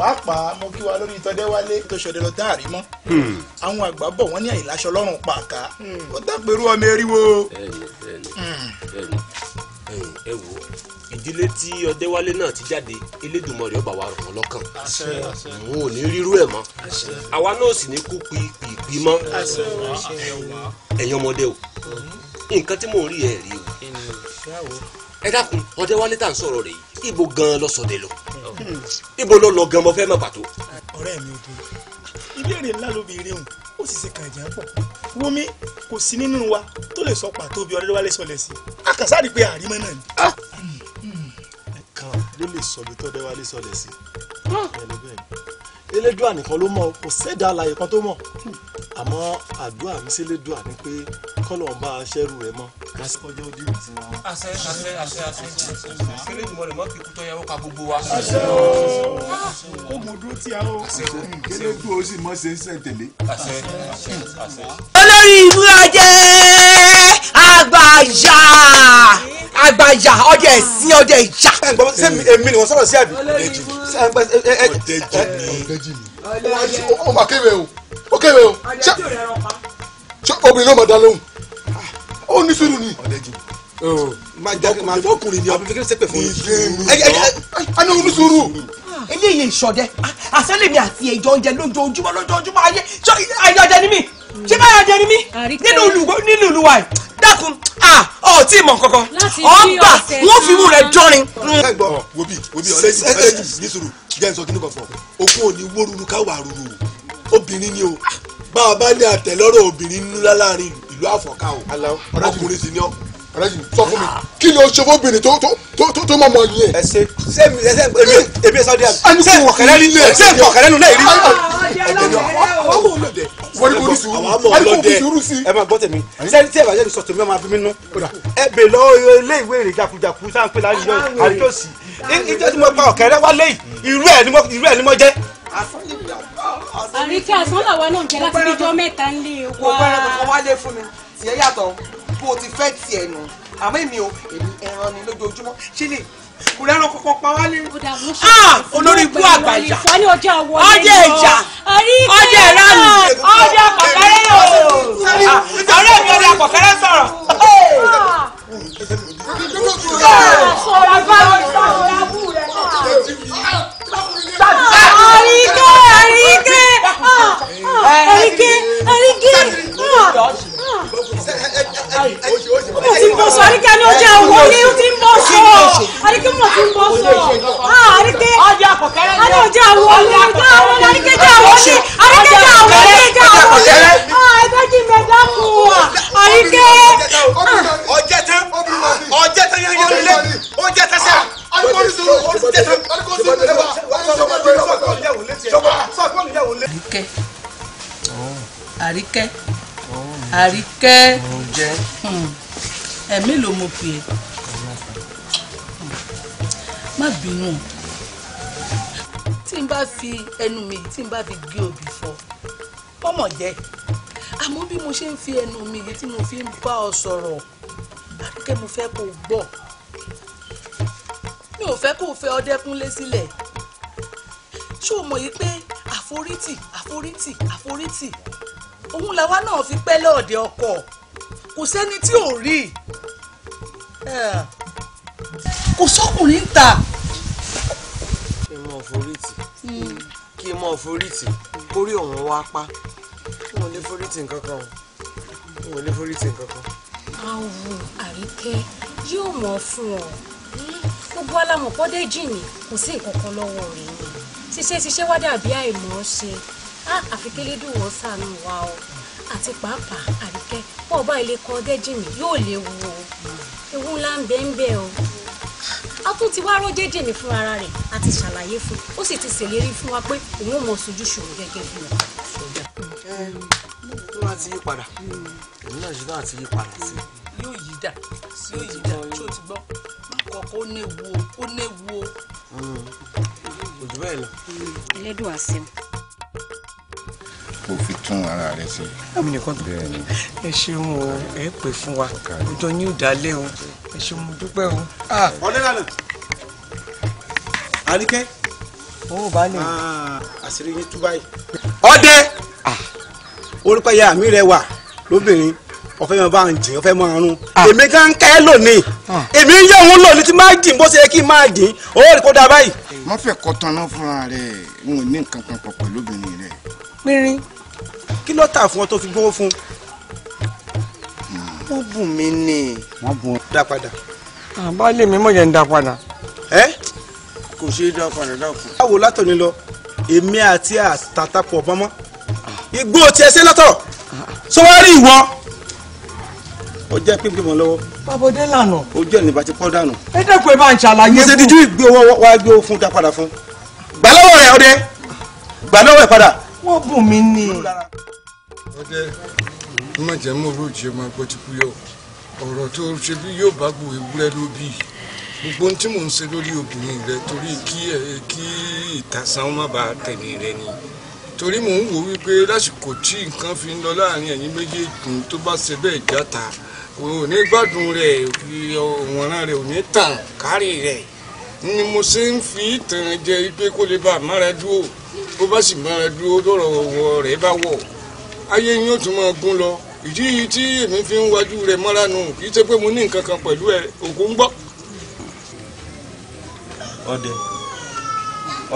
pàápàá mo kí wa lórí Tọ́dẹ́wálé tó ṣọdẹ lọ tán àrímọ́ hmm. àwọn àgbà bọ̀ wọ́n ní àyìnláṣọ lọ́rùn pàkà hmm. ó dàpẹ̀rú ọmọ eriwo. Hmm. ẹ wo ìdílé tí Ọdẹ́wálé náà ti jáde Elédùmarè ó bá wa rọ̀ wọ́n lọ́kàn n ò ní rírú ẹ̀ mọ́ àwa náà sì ní kú pìpì mọ́ ẹ̀yin ọmọdé o nǹkan tí mò ń rí ẹ̀ rí o ẹ dákun Ọdẹ́wálé tá à ń sọ̀rọ̀ rẹ̀ yìí ibo gan lọ́sọ̀dẹ̀ lọ ibo ló lọ gan mo fẹ́ mọ̀ pàtó. ọ̀rẹ́ mi ò tó ìbéèrè ńlá ló béèrè òun ó sì ṣe kànjá pọ̀ wọ́mi kò sí nínú wa tó lè sọ pàtó bí ọ̀rẹ́dẹ́wálé sọlẹ̀ sí àkàsáàdì pé àrímọ́ náà ni. Ah! Hmm, hmm. kan ló lè sọ bí tọ́dẹ́wálé sọlẹ̀ sí. Ah! bẹ́ẹ̀ ni bẹ́ẹ̀ elédùà nìkan ló mọ̀ kò sẹ́dá alààyè kan tó mọ̀ àmọ́ àdúrà mi sí elédùà ni pé kọ́lọ̀ ń bá aṣẹ́rù rẹ̀ mọ́ kásìkọjọ́ ojú mi ti wọn. àṣẹ àṣẹ àṣẹ àṣẹ kéré ìmọ̀ rẹ̀ mọ́ kí kútọ́ yẹn ó gbogbo wa. àṣẹ o ó mú dúró tí a ó. àṣẹ o kéré dùn ó sì mọ́ ṣe ń ṣẹ̀tẹ̀lé. àṣẹ àṣẹ àṣẹ. olórí ìlú ajé àgbàyà àgbàyà ọdẹ ẹ̀sìn ọdẹ ìj ẹ gbọ́ ṣé èmi ni wọ́n sọ̀rọ̀ sí àbí. ọ̀dẹ́jì mi ó mà kéwèé o ó kéwèé o ṣé obìnrin náà mà dá lóhùn ó ní sùúrù ni. máa jẹ́ ọkùnrin ni ọkùnrin kékeré sẹ́pẹ̀ fún mi. ẹ ẹ ẹ ẹ ní sùúrù eléyìí ìṣọdẹ àṣẹlẹmí àti ẹjọ oúnjẹ lójoojúmọ́ lójoojúmọ́ ayé ṣọ àyàjẹ ni mí ṣé bá àyàjẹ ni mí nínú ìlúwa ẹ dákun ọ tí ì mọ kankan ọgbà wọn fi wú rẹ jọrin. ẹ gbọ́ wo bí wo bí ọ̀rẹ́ yìí ọ̀rẹ́ yìí ní sùúrù jẹ́ nsọ kí ni kò fọ okú òní wóruru káwà ruru obìnrin ni o bá a bá ní àtẹ̀lọ́rọ̀ obìnrin ńlá láàrin ìlú àfọ̀ká o ọkùnrin sì ni ọ alájì sọ fún mi kí ló ṣe tó tó tó tó mọ ọmọ yẹn. ẹsẹ ẹsẹ ebi ebi ẹsẹ ọdẹ àbí ṣe ọkẹlẹ ni ṣe ọkẹlẹ nu náà rí. wọ́n ní kò ní sùúrù wọ́n ní kò ní sùúrù sí. ẹ máa gbọ́ tèmi sẹ́ni tí ẹ̀bà yẹn sọ tèmi ọmọ abimi nú. ẹ bè lọ ilé ìwé èrè jakujaku sáńpé láàrin àríjọ sí i ìjọ tí mo pa ọ̀kẹ́rẹ́ wá lẹ́yìn irú ẹ̀ ni mo jẹ́ àríkẹ́ àsán làwa náà jẹ́ láti níjọ́ mẹ́ta ń lé wa. kò pẹ́rẹ́ kò wá lé fún mi ìyẹn yàtọ̀ bó ti fẹ́ tiẹ̀ nù àmọ́ èmi o èmi ẹran ni lójoojúmọ́ ṣé lè kò lẹ́rọ kọ́kọ́ pa wálé ah, olórí ikú àgbàjà ọjà ìjà ọjà ìranù ọjà kọ̀kẹ́rẹ́ yòó ah, ọ̀rẹ́ mi ọjà kọ̀kẹ́rẹ́ sọ̀rọ̀. sọ̀rọ̀ báwo sọ̀rọ̀ báwo rẹ̀ náà. Ah. Àríkẹ́ Àríkẹ́ Àríkẹ́ Àríkẹ́ mo ti ń bọ̀ sọ Àríkẹ́ ni ó jẹ́ owó ní ó ti ń bọ̀ sọ Àríkẹ́ mo ti ń bọ̀ sọ Àríkẹ́ Àríkẹ́ ó jẹ́ owó ní Àríkẹ́ jẹ́ owó ní Àríkẹ́ jẹ́ owó ní jẹ́ owó ní ẹgbẹ́ kí mi ẹ̀dá kù wá Àríkẹ́. ọjẹ́ tán ọjẹ́ tán yẹn yẹn lé ọjẹ́ tán sẹ́yà ọdún kò ní sọ̀rọ̀ ọdún kò ní sọ̀rọ̀ àríkẹ́ àríkẹ́ oh. àríkẹ́ oh. ẹ̀mí hmm. ló mo pè é hmm. má bínú tí n bá fi ẹnu mi tí n bá fi gé obì fọ ọmọ jẹ àmọ́ bí mo ṣe ń fi ẹnu mi yìí tí mo fi ń bá ọ sọ̀rọ̀ àríkẹ́ mo fẹ́ kó gbọ́ mi ò fẹ́ kó fẹ́ ọdẹ́kúnlé sílẹ̀ ṣé o mọ̀ yìí pé àforítì àforítì àforítì òun làwa náà fi pẹ́ lọ́ọ̀dẹ ọkọ kò sẹ́ni tí ò rí eh. kò sọ́kùnrin ta. kí n mọ forítì hmm. kí n mọ forítì kórí ọ̀hún wá pa n ò lè forítì nǹkan kan n ò lè forítì nǹkan kan. àwọn àríkẹ́ yóò mọ̀ fún ọ hmm. gbogbo alamọ̀pọ̀dé jìnnì kò sí nǹkan kan lọ́wọ́ rẹ̀ yẹn ṣiṣẹ́ ṣiṣẹ́ wá dàbí àìmọ̀ ṣe àfikẹ́lẹ́dùn wọ́n sànù wa o àti pàápàá àríkẹ́ pọ̀ ọba ilé kan dẹ́jìnì yóò léwu o ewu ńlá ń bẹ ń bẹ o a tún ti wá rọ́jẹ́ jèmi fún ara rẹ̀ a ṣàlàyé fún ó sì ti ṣèlérí fún wa pé òun ò mọ sojú ṣòro gẹ́gẹ́ bí wọn. tó bá ti yí padà èmi náà ṣe náà ti yí padà sí. yóò yí dà yóò yí dà tó ti gbọ́ kọ̀ọ̀kan ó néwu ó néwu o. O bẹ́ẹ̀ lọ. ẹlẹ́dùn àṣẹm. kò fi tún ara rẹ ṣe. àmì nìkan tó bẹ́ẹ̀ ni. ẹ ṣeun o ẹ pè fún wa ọjọ́ yín ò o ẹ ṣeun mo dúpẹ́ o. Ah, ọ̀lẹ́lànà àríkẹ́. ó bá lè. Ah, àṣírí yín tú báyìí. ọdẹ ah, orúkọ ìyá mi rẹwà lóbìnrin ọfẹ máa bá ń jìn ọfẹ máa rún èmi gan kẹ lónìí èmi ń yẹ òun lónìí tí máa jìn bó ṣe yẹ kí n máa jìn ó rí kó dáa báyìí má fẹ́ kọ́ tanná fúnra rẹ̀ n ò ní nǹkan kan pọ̀ pẹ̀lú obìnrin rẹ̀. pínrín kí ló tà fún ọ tó fi gbówó fún un. Hmm. wọ́n bùn mí ni. wọ́n bùn dá padà. àbálẹ̀ mi mọ̀ yẹn ń dá padà. ẹ kò ṣe é dá padà dákun. báwo látọ̀ni lọ èmi àti àtàtàpọ̀ bọ́mọ́ igbó tiẹ̀ sí lọ́tọ̀ sọ ah. wá rí ìwọ ó jẹ́ pínpín mọ́ lọ́wọ́. pàbọ̀dé lànà. ó jẹ́ ní bàtí pọ́ dànù. ẹ dẹ́kun ẹ bá ń ṣàlàyé fún. mo ṣe díjú ìgbé owó wá gbé owó fún dá padà fún. gbà lọ́wọ́ rẹ̀ ọdẹ gbà lọ́wọ́ ẹ̀ padà. wọ́n bùn mí ni. ọdẹ mo máa jẹ́ mọ́ olóòjì ọmọ ẹgbẹ́ ti kú yọ ọ̀rọ̀ tó ṣe bí yóò bá gbò ewúrẹ́ ló bí gbogbo ohun tí mò ń ṣe lórí obìnrin rẹ torí kí ẹ kí ìtàsán má bàa tẹ̀lé rẹ ni torí mò ń wò wípé lásìkò tí nǹkan fi ń lọ láàrin ẹ̀yin méjèèjì tó bá ṣe bẹ́ẹ̀ játa o ní gbádùn rẹ̀ òwòrán rẹ̀ ò ní tàn kárí rẹ̀ ni mo ṣe ń fi ìtàn jẹ pé kó lè bá a mára dúró bó bá sì mára dúró tọrọ ọwọ́ rẹ̀ bá wọ̀ ayé yín ó tún máa gún lọ ìdí tí èmi fi ń wájú rẹ̀ mọ́ra nù kì í ṣe pé mo ní nǹkan kan pẹ̀lú ẹ òkú ń gbọ́. ọdẹ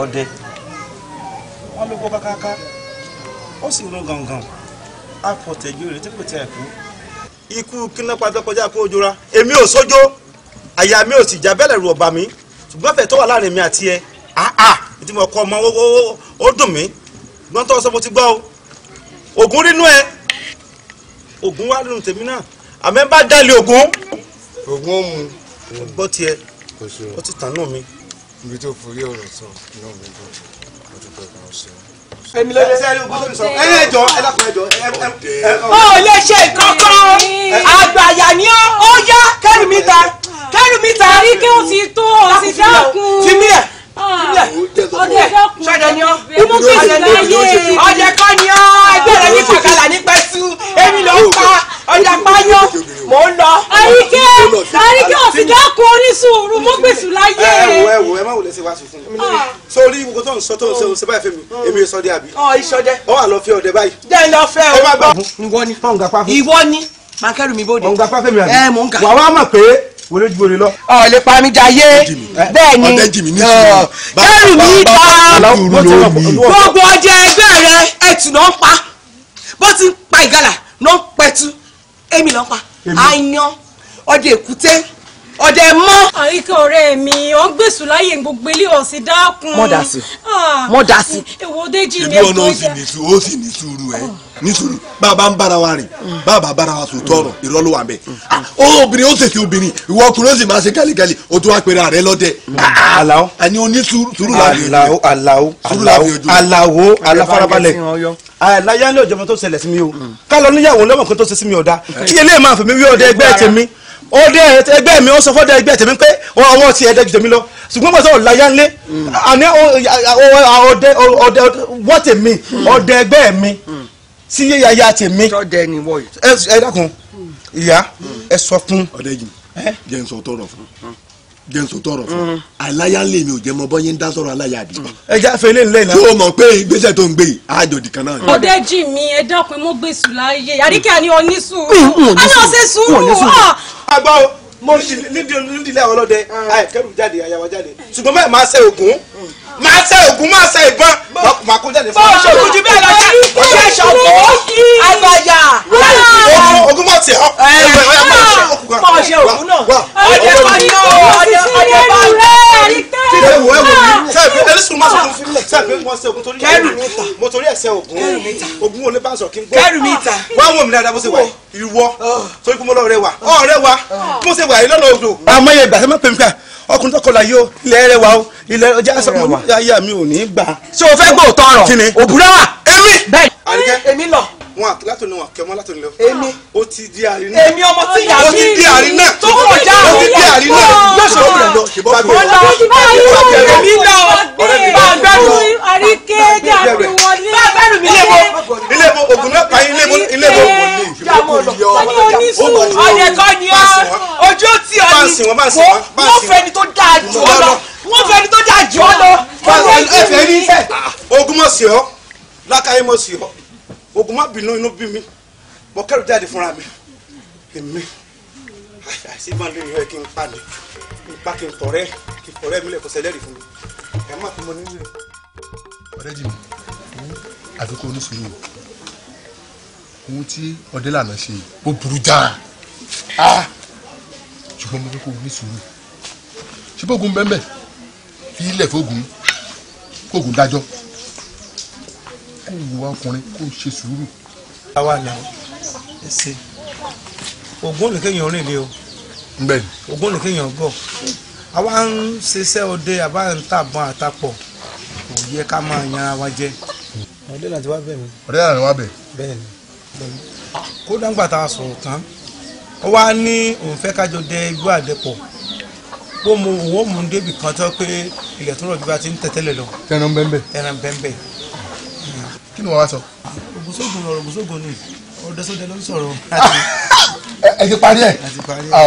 ọdẹ wọn ló gbọ́ kákáká ó sì rọ gàngàn apọ̀tẹ̀jú rẹ̀ tí kò tẹ̀ kú ikú kíná pàtó kọjá kó ojúra èmi ò sójó àyà mi ò sì já bẹ́lẹ̀ rù ọ̀bà mi ṣùgbọ́n fẹ̀ tó wà láàrin mi àti ẹ àà tí mo kọ́ ọmọ ó dùn mí gbọ́n tó sọ mo ti gbọ́ o ògùn rínú ẹ ògùn wà nínú tèmi náà àmọ́ ẹ bá dálé ògùn. ògùn ó mu. gbọ́ tiẹ̀ ó ti tàn náà mi. ibi tó forí ọ̀rọ̀ sọ náà mi dùn èmi ló ṣe sẹ́yìn gbọ́dọ̀ mi sọ ẹ ẹ jọ ẹ dákun ẹ jọ ẹ ẹ. ó lè ṣe kankan àgbàyà ni ó yá kẹ́rù mi ta kẹ́rù mi ta. àrí kí o ti tó o ti dákun. Ah. ti mílẹ̀ ọdẹ ṣọdẹ ni ọ imú kìsì láyé ọdẹ kọ́ ni ọ ẹgbẹ́ rẹ ní kàkàlà ní pẹ́sù èmi ló pa ọjà pààyàn mò ń lọ. àríkẹ́ àríkẹ́ ọ̀sìnkà kun oníṣòro mọ́ gbèsù láyé. ẹ wo ẹ wo ẹ má wulẹ̀ sí wa sùn fún mi. Ah. sórí nǹkan tó ń sọ tó ń sọ òun ṣe báyìí fẹ́mi hmm. èmi ò sọdẹ àbí. ọ ìṣọdẹ. ọ wà lọ fẹ ọdẹ báyìí. jẹ́ lọ fẹ́ o. ẹ má gbọ́. ìwọ ni. fọ́n gàpá fún. ìwọ ni. máa kẹ́rù mi bóde. ọ̀ǹgàpá fẹ́mi àbí. ẹ mò ń kà. wà wá mọ̀ pé wọlé ju wọlé lọ. ọ lè pa mi jayé bẹ́ẹ̀ ni kẹrù mi ta gbogbo ọjà ẹgbẹ́ rẹ ẹtù náà pa bó ti ń pa ìgalà náà pẹ̀tù èmi lọ pa àyàn ọdẹ èkúté ọdẹ mọ. àyíká ọ̀rẹ́ mi ò ń gbèsù láyè gbogbo ilé ọ̀sìn dákun. mọ sí ah. mọ sí. èwo déjì ni èkó jẹ. ìlú ọ̀nà ó sì ní sùúrù ẹ ah nítorí bàbá ń bára wa rìn bàbá bára wa sòtọ́ ọ̀rọ̀ ìrọ́lù wà bẹ́ẹ̀ ó obìnrin ó tètè obìnrin ìwọ ọkùnrin ó sì máa ṣe gálígálí o tó wá pèrè ààrẹ lọ́dẹ. àlàó àní o ní sùúrù láàbì ojú àlàó àlàó àlàó aláfarabalẹ̀ àlàyé ní ọjọ́ mi tó ṣẹlẹ̀ sí mi o ká lọ níyàwó lọ́mọ kan tó ṣe sí mi ọ̀dà kí eléyìí máa fẹ̀mí wí ọ̀dẹ ẹgbẹ́ tèmi ọdẹ ẹgbẹ́ mi ó sọ fọ́dẹ ẹgbẹ́ tèmi pé ọwọ́ ti ẹ̀dẹ́ jẹ̀mí lọ ṣùgbọ́n pàṣẹ ọ̀làyà ńlẹ̀ àní ọdẹ ọdẹ wọ́tẹ̀ mi ọdẹ ẹgbẹ́ mi sí yé yaya tèmi. tọ́jà ẹni wọ yìí. ẹ dákun ìyá ẹ sọ fún. ọ̀dẹ́jì jẹ́ n sọ tọrọ fún jẹ́ n sọ tọrọ fún aláya lè mi ò jẹ́ mọ bọ́yé ń dá sọ̀rọ̀ aláya àbí. Mm. ẹ já fẹ́ lé nílẹ̀ náà. yóò mọ̀ pé ìgbésẹ̀ tó ń gbé yìí àjòdì kan náà. ọ̀dẹ́jì mi ẹ dákun mo gbé sùn láàyè àríkẹ́ àní onísùúrù àní mm, mm, ọ̀sẹ̀ sùúrù. Ah! àgbà mo nídìí nídìí àwọn ọlọ́dẹ ah. kẹrù jáde àyàwó jáde ṣùgbọ́n bẹ́ẹ̀ máa ṣe ògùn máa ṣe ògùn máa ṣe ìbọn máa kó jáde fún mi. bọ́ọ̀lù ojú bẹ́ẹ̀ lọ sí ojú ẹ̀ṣọ́ bọ́ àgbàyà. ogun ogun mọ̀ tiẹ̀ ọ́ máa ṣe ògùn náà. ọdẹ wáyé ọdẹ ọdẹ bá rẹ̀ ti lè wọ ẹwọ mi sẹ́ẹ̀fì ẹlẹ́sùn máa sọ̀tún fún mi sẹ́ẹ̀fì wọ́n ṣe ògùn torí kẹrù mi ta mo torí ẹ̀ṣẹ̀ ògùn ògùn wo lè bá sọ̀ kí n gbọ́ kẹrù mi ta wọ́n wọ̀ mí dáadáa bó ṣe wà ìwọ oh. torí kí mo lọ rẹwà ọ̀rẹ́ wa oh. bó ṣe wà yìí lọ́nà odò. àmọ́ yẹ ìgbà sẹ́mọ́ pèmí ká ọkùnrin tó kọlà yìí o ilẹ̀ rẹ wa o ilẹ̀ ọjà sọmọ ayé mi ò ní gbà. ṣé o fẹ́ gbọ́ tọrọ òbúrẹ́wà. èmi. bẹ́ẹ̀ ni èmi lọ wọn látò ní wọn kẹ wọn látò ní lọ. èmi o ti di àrí náà. èmi ọmọ tí yàrá mi o ti di àrí náà. tó kọjá o ti di àrí náà. yóò ṣe bọ́ọ̀lù lọ ṣe bọ́ọ̀lù lọ. ọ̀la ọ̀la mi lọ bàbáru àríkè jàdù wọlé. bàbáru mi lébo ilébo ògùn náà pa ilébo ilébo. ọ̀ni oníṣòwò ọ̀yẹ̀ kan ni ọ́ ojú ti ọ̀ni wọ́n fẹ́ni tó dáa jù ọ́ lọ wọ́n fẹ́ni tó dáa jù ọ́ lọ. ogun mọ̀ sí ọ lákàáyé mọ̀ sí ọ ogun má bínú inú bí mi mo kẹ́rù jáde fúnra mi èmi àìsí máa lè yọ ẹ kí n pa ni kí n pa kí n tọ̀rẹ́ kí n tọ̀rẹ́ mi lẹ̀ kó sẹlẹ̀rì fún mi ẹ má fi mo nílé. ọ̀rẹ́ jì mí àfi kó oníṣòro ohun tí ọdẹ́lànà ṣe ó burú jáà ṣùgbọ́n mo fẹ́ kó oníṣòro ṣé bógun bẹ́ẹ̀ bẹ́ẹ̀ fi ilẹ̀ fógun kógun dájọ́ kó wùwà ọkùnrin kó ṣe sùúrù. àwa là ẹ ṣe ògùn ní kéèyàn rìn lé o ògùn ní kéèyàn gọ̀ àwa ń ṣiṣẹ́ òde àbá ń tàbọn àtàpọ̀ kò yẹ ká máa yan ara wa jẹ. ọ̀rẹ́ náà ti wá bẹ̀ mí. ọ̀rẹ́ náà ti wá bẹ̀. bẹ́ẹ̀ni kó dáńgbà tá a sọ̀rọ̀ tán ó wá ní òun fẹ́ kájọ dẹ igbó àdẹ́pọ̀ ó mú òun ó mú un débì kan tó pé ilẹ̀ tó rọ̀ ju bá ti ń tẹ̀tẹ̀lẹ̀ lọ. tẹran bẹ́ẹ̀ bẹ́ẹ̀. tẹran bẹ́ẹ̀ bẹ́ẹ̀ kí ni wọ́n wá sọ. ògùnṣògùn ọ̀rọ̀ ògùnṣògùn ni ọ̀dẹ́sọ̀dẹ́ ló ń sọ̀rọ̀. Ah, ẹ ti parí ẹ inú mi ah,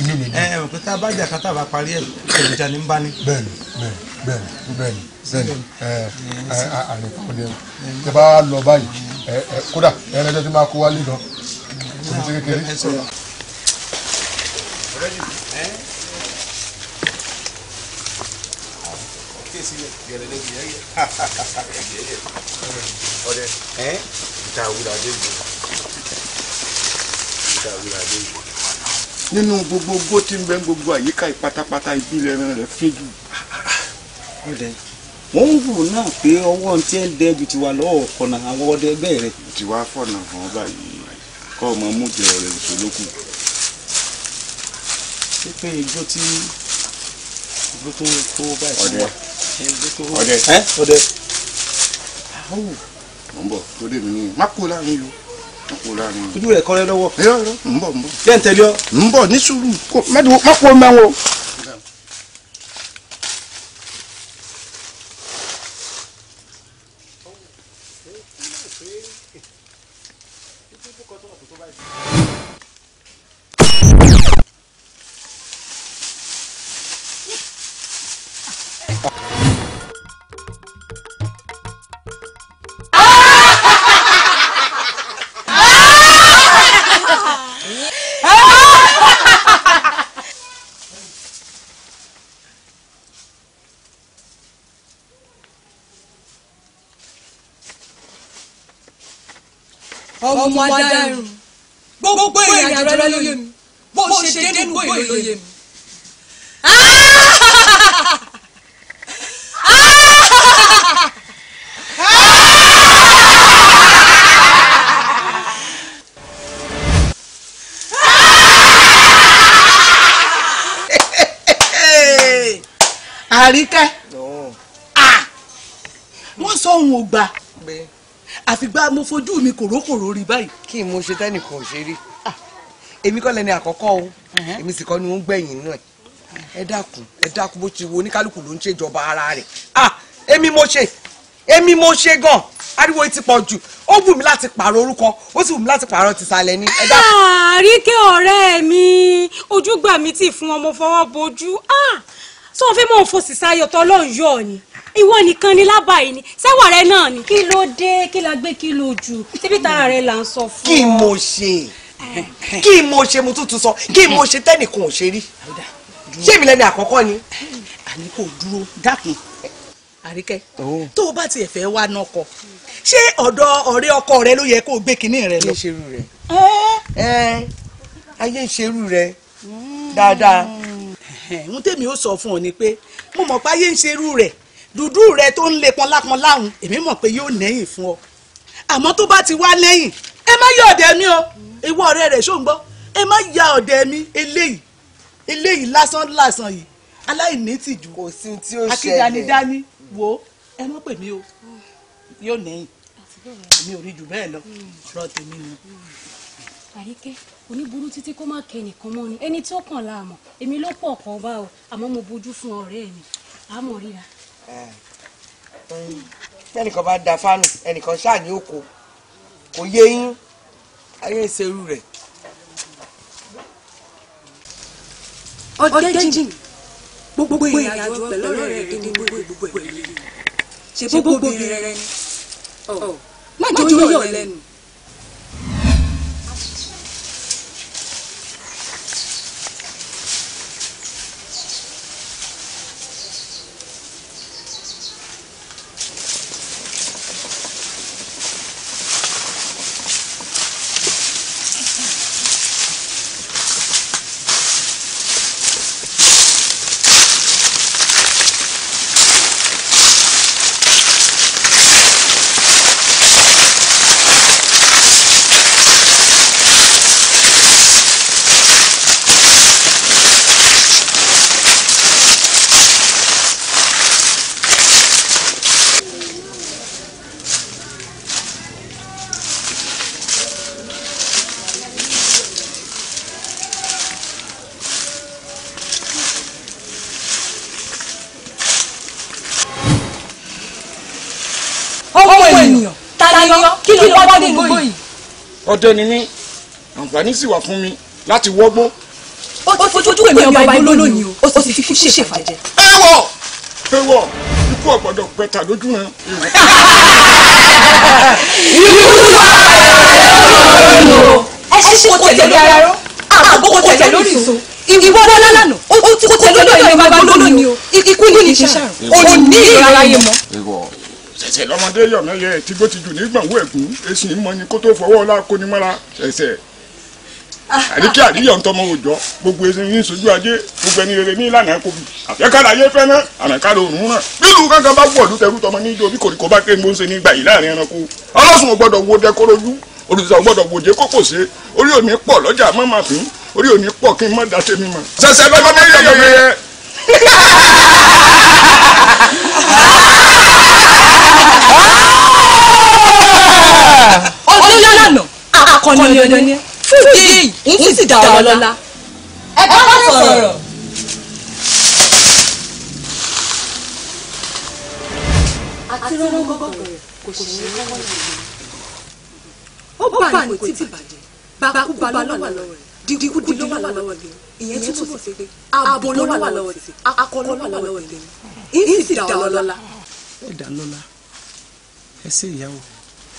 inú mi. ẹ ẹ pété abájà kátà bá parí ẹ èròjà ní bá ní. bẹ́ẹ̀ni bẹ́ẹ̀ni bẹ́ẹ̀ni bẹ́ẹ̀ni bẹ́ẹ̀ni ẹ ẹ àlékún ẹ bá lọ báyìí ẹ kódà ẹ lẹjọ tí máa kó wálé lọ. ẹ yìí sílẹ̀. gẹ̀rẹ́dẹ́ gẹ̀rẹ́dẹ́ ọ̀dẹ ẹ̀ ìta àwùrà dé ìbò ìta àwùrà dé ìbò. nínú gbogbo gbó tí ń bẹ gbogbo àyíká ìpátápátá ìbílẹ̀ rẹ̀ fi jù. ọ̀dẹ wọ́n ń wù náà pé ọwọ́ ti ń dẹ́ ju tiwa lọ́wọ́ ọ̀kọ̀nà àwọn ọdẹ ẹgbẹ́ rẹ̀. tiwa fọ̀nà fún ọba yìí kọ́ ọmọ mú jẹ ọ̀rẹ́ ìṣolókù. pípé igbó tí igbó tó kó báyìí ọdẹ ọdẹ mọ n bọ tó dé mi ní má kó láàrin yìí má kó láàrin yìí. ojú rẹ kọrẹ lọ́wọ́. ẹ yọrọ n bọ n bọ. yẹn tẹ̀lé ọ. n bọ ní sùúrù má kó mẹ́wọ́. ọmọ adáyọrùn gbogbo ìrìn àjò rẹ lóye mi bó ṣe dénú bó ìlóye mi. àríkẹ́ ah! wọ́n sọ ohun ò gbà àfìgbà mo fojú mi kòrókòró rí báyìí. kí n mo ṣe tẹ́nìkan ò ṣe rí ah, èmi kọ́ lẹni àkọ́kọ́ o èmi sì kọ́ ni wọ́n gbẹ̀yìn náà ẹ dákun ẹ dákun bó ti wo oníkálukú ló ń ṣèjọba ara rẹ̀ ah èmi mo ṣe èmi mo ṣe gan ariwo ti pọ̀ jù ó wù mí láti pààrọ̀ orúkọ ó sì wù mí láti pààrọ̀ tìsàlẹ̀ ni. àríkẹ́ ah, ọ̀rẹ́ mi ojúgbà mi ti fún ọmọ fọwọ́ bojú ah, sọ fẹ́ mọ̀ fòsì sáyọ̀tọ̀ ọlọ́run yọ̀ ni ìwọ nìkan ni lába yìí ni sẹ́wọ̀n rẹ náà ni. kí ló dé kí la gbé kí ló jù síbi tára rẹ là ń sọ fún ọ. kí mo ṣe kí mo ṣe mo tún tún sọ kí mo ṣe tẹ́nìkan ò ṣe rí ṣé èmi lẹni àkọ́kọ́ ni. àní kò dúró dákun àríkẹ́ oh. tó o bá tiẹ̀ fẹ́ wá náà kọ ṣé ọ̀dọ̀ ọ̀rẹ́ ọkọ rẹ ló yẹ kó o gbé kinní rẹ lọ. ṣerú rẹ eh? Eh, ayé ìṣerú rẹ dáadáa. Hmm. ohun tèmi ó sọ fún ọ ni pé mo mọ̀ pé ayé ń ṣerú rẹ̀ dúdú rẹ tó ń lé pọnlápọn láhùn èmi mọ̀ pé yóò nẹ́yìn fún ọ àmọ́ tó bá ti wá lẹ́yìn ẹ má yà ọ̀dẹ̀ mi o ìwọ ọ̀rẹ́ rẹ̀ ṣó ń gbọ́ ẹ má yà ọ̀dẹ̀ mi eléyìí eléyìí lásán lásán yìí aláìní tìjú kò sí tí ó ṣẹlẹ̀ akíyanidání wo ẹ má pè mí o yóò nẹ́yìn èmi ò rí jù bẹ́ẹ̀ lọ ọ̀rọ̀ tèmi ni. àríkẹ́ oníburú títí kó má kẹ nìkan mọ́ ni ẹni tó kàn láàmú èmi ló pọ̀ kọ́ bá o àmọ́ mo bójú fún ọ̀rẹ́ mi àmọ́ ríra Eh. ẹnìkan bá da fánù ẹnìkan ṣáà ní òkò kò yé yín ayé ìṣerú rẹ̀. ọdẹ jìn gbogbo ìrìnàjò pẹ̀lú ọ̀rẹ́ rẹ̀ ní gbogbo ìgbogbo ẹ̀ ṣe gbogbo obìnrin rẹ̀ ni má jẹ́ oyè ọ̀lẹ́nu. ọdẹ ni mí àǹfààní sì wà fún mi láti wọ́gbó. ó ti fojú èmi ọba igbó lónìí o ó sì fi kú ṣèfàjẹ. ẹ wọ ẹ wọ ikú ọ̀gbọ́dọ̀ pẹ̀ta lójú rẹ. ikú ọ̀gbọ́dọ̀ lónìí o ẹ ṣe kó tẹ̀lé ara rọ àgbókò tẹ̀lé lórí ìṣó ìwọ wọn lánàá ó ti kó tẹ̀lé lórí ìṣó lónìí o ikú ní ìṣe òní ìrara yẹn mọ́ ṣẹ̀ṣẹ̀ lọ́mọdé yọ̀mẹ́yẹ tígbó ti jù ní gbọ̀nwó ẹ̀gún èsì ń mọyìn kó tó fọwọ́ ọlá kó ní mọ́ra ṣẹ̀ṣẹ̀ àríkí àríyàn tọmọ òòjọ́ gbogbo ẹsìn ní sojú ajé gbogbo ẹni rere ní ìlànà ẹ̀kọ́ bi àfẹkàrà ayé fẹ náà àràkàrà òrùn náà bílù kankan bá wọlú tẹrú tọmọ ní ijó bí kòríkò bá ké mbóse ní gbàyè láàrin ẹranko ọlọ́sùn ò gbọ́dọ̀ wo dẹkọ́rọ́jú olùsọ gbọ́dọ̀ wòjé kókò ṣe orí òní pọ̀ lọ́jà má má fín orí òní pọ̀ kí n má dáṣẹ́ mi mọ́. sẹsẹ bẹ́ẹ̀ bá ọdún lọ́nà akọni lọ́nà fún ìdí èyí ń sì dá ọ lọ́la. ẹ bá wọn sọ̀rọ̀. àti rọ́rọ́ gbọ́gbọ́ kò sì ní lọ́wọ́ nìyẹn. ó bà ní kò tí bàjẹ́ bákúbá lọ́wọ́ lọ́wọ́ rẹ̀ díkúdí lọ́wọ́ lọ́wọ́ rẹ̀ ìyẹn túmọ̀ sí pé abo lọ́wọ́ lọ́wọ́ rẹ̀ akọ lọ́wọ́ lọ́wọ́ rẹ̀ ń sì dá ọ lọ́la. ẹ dá lọ́la ẹ sí ìyàwó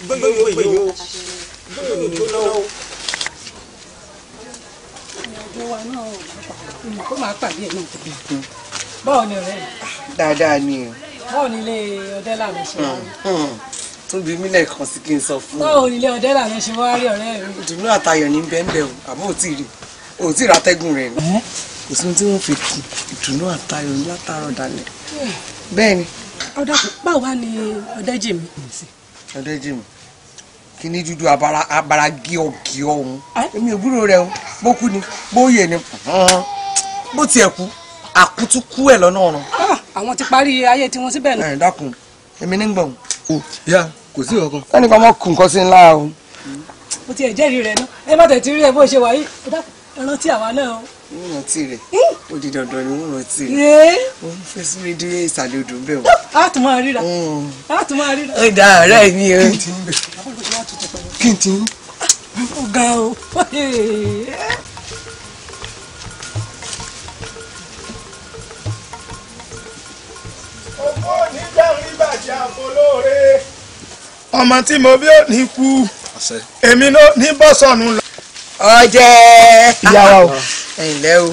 gbẹ́yìn dáadáa ni o. báwo ni ilé ọdẹ lànà ṣe wá tún bí mí lẹ́ẹ̀kan sí kí n sọ fún un. báwo ni ilé ọdẹ lànà ṣe wá rí ọ̀rẹ́ rẹ̀. ìdùnnú àtayọ̀ ní bẹ́ẹ̀ o àmọ́ ò tí ì rí ò tí ì ratẹ́gùn rẹ̀ kò sí ohun tí wọ́n fi kì ìdùnnú àtayọ̀ látàárọ̀ dalẹ̀ bẹ́ẹ̀ ni. ọ̀dà báwo wá ni ọ̀dẹ́jì mi ọdẹ jim kíní dúdú abara gíọgíọ òun èmi ò gbúrò rẹ o bó kú ni bó yè ni bó tiẹ̀ kú àkútú kú ẹ̀ lọ́nà ọ̀run. Ah, àwọn ti parí ayé tiwọn síbẹ̀ náà. ẹ dákun èmi ní gbọ̀n. o ya kò sí ọkàn. ẹnì kan mọ kù nǹkan sí ńlá o. mo ti ẹ̀ jẹ́rìí rẹ̀ náà ẹ má tẹ̀ tí rí ẹ bó ṣe wà ẹ rántí àwa náà o ń rántí rẹ̀ eh! ó di dandan ni ń rántí rẹ̀ ó eh! ń fẹ́ sórí dé ìsàlẹ̀ odò ń bẹ̀ wá. a tún máa ríra hmm. a tún máa ríra. ọ̀dà ọ̀rẹ́ mi ẹ. kí n ti ń ọ̀gá o. ọmọ tí mo bí ò ní kú èmi ló ní bọ́sọ̀nù lọ. ọjẹ́ ìyàwó ẹnlẹ́ o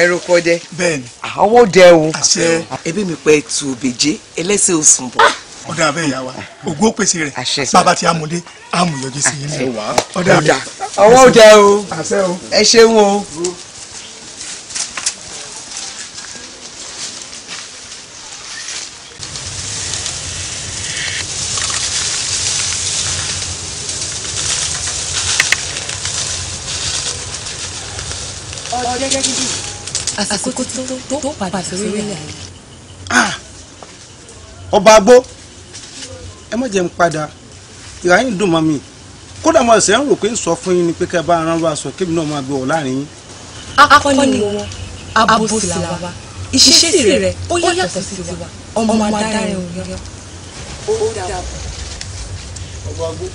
ẹrúkọ dẹ bẹ́ẹ̀ni àwọ̀ dẹ o àṣẹ ẹbí mi pẹ́ tu òbèjé ẹlẹ́sẹ̀ òsùn bọ̀. Ah! ọ̀dà abẹ́ ìyá wa ògbó pèsè rẹ̀ bàbá tí a mú dé a mú yọjú sí yín lọ ọ̀dà o ẹ ṣeun o. àsìkò tó tó padà sórí ilẹ̀. Ah! ọba agbó ẹ má jẹ́ n padà ìráyìn dùn mọ́ mi kódà mo ṣe ń rò pé ń sọ fún yín ni pé kẹ́ bá ara wa sọ kébì náà máa gbé ọ láàrin yín. akọni wọn abosila wa ìṣesí rẹ ó yàtọ̀ sí tiwa ọmọ adarí òyìnbó. ó dàbọ̀ ọba agbó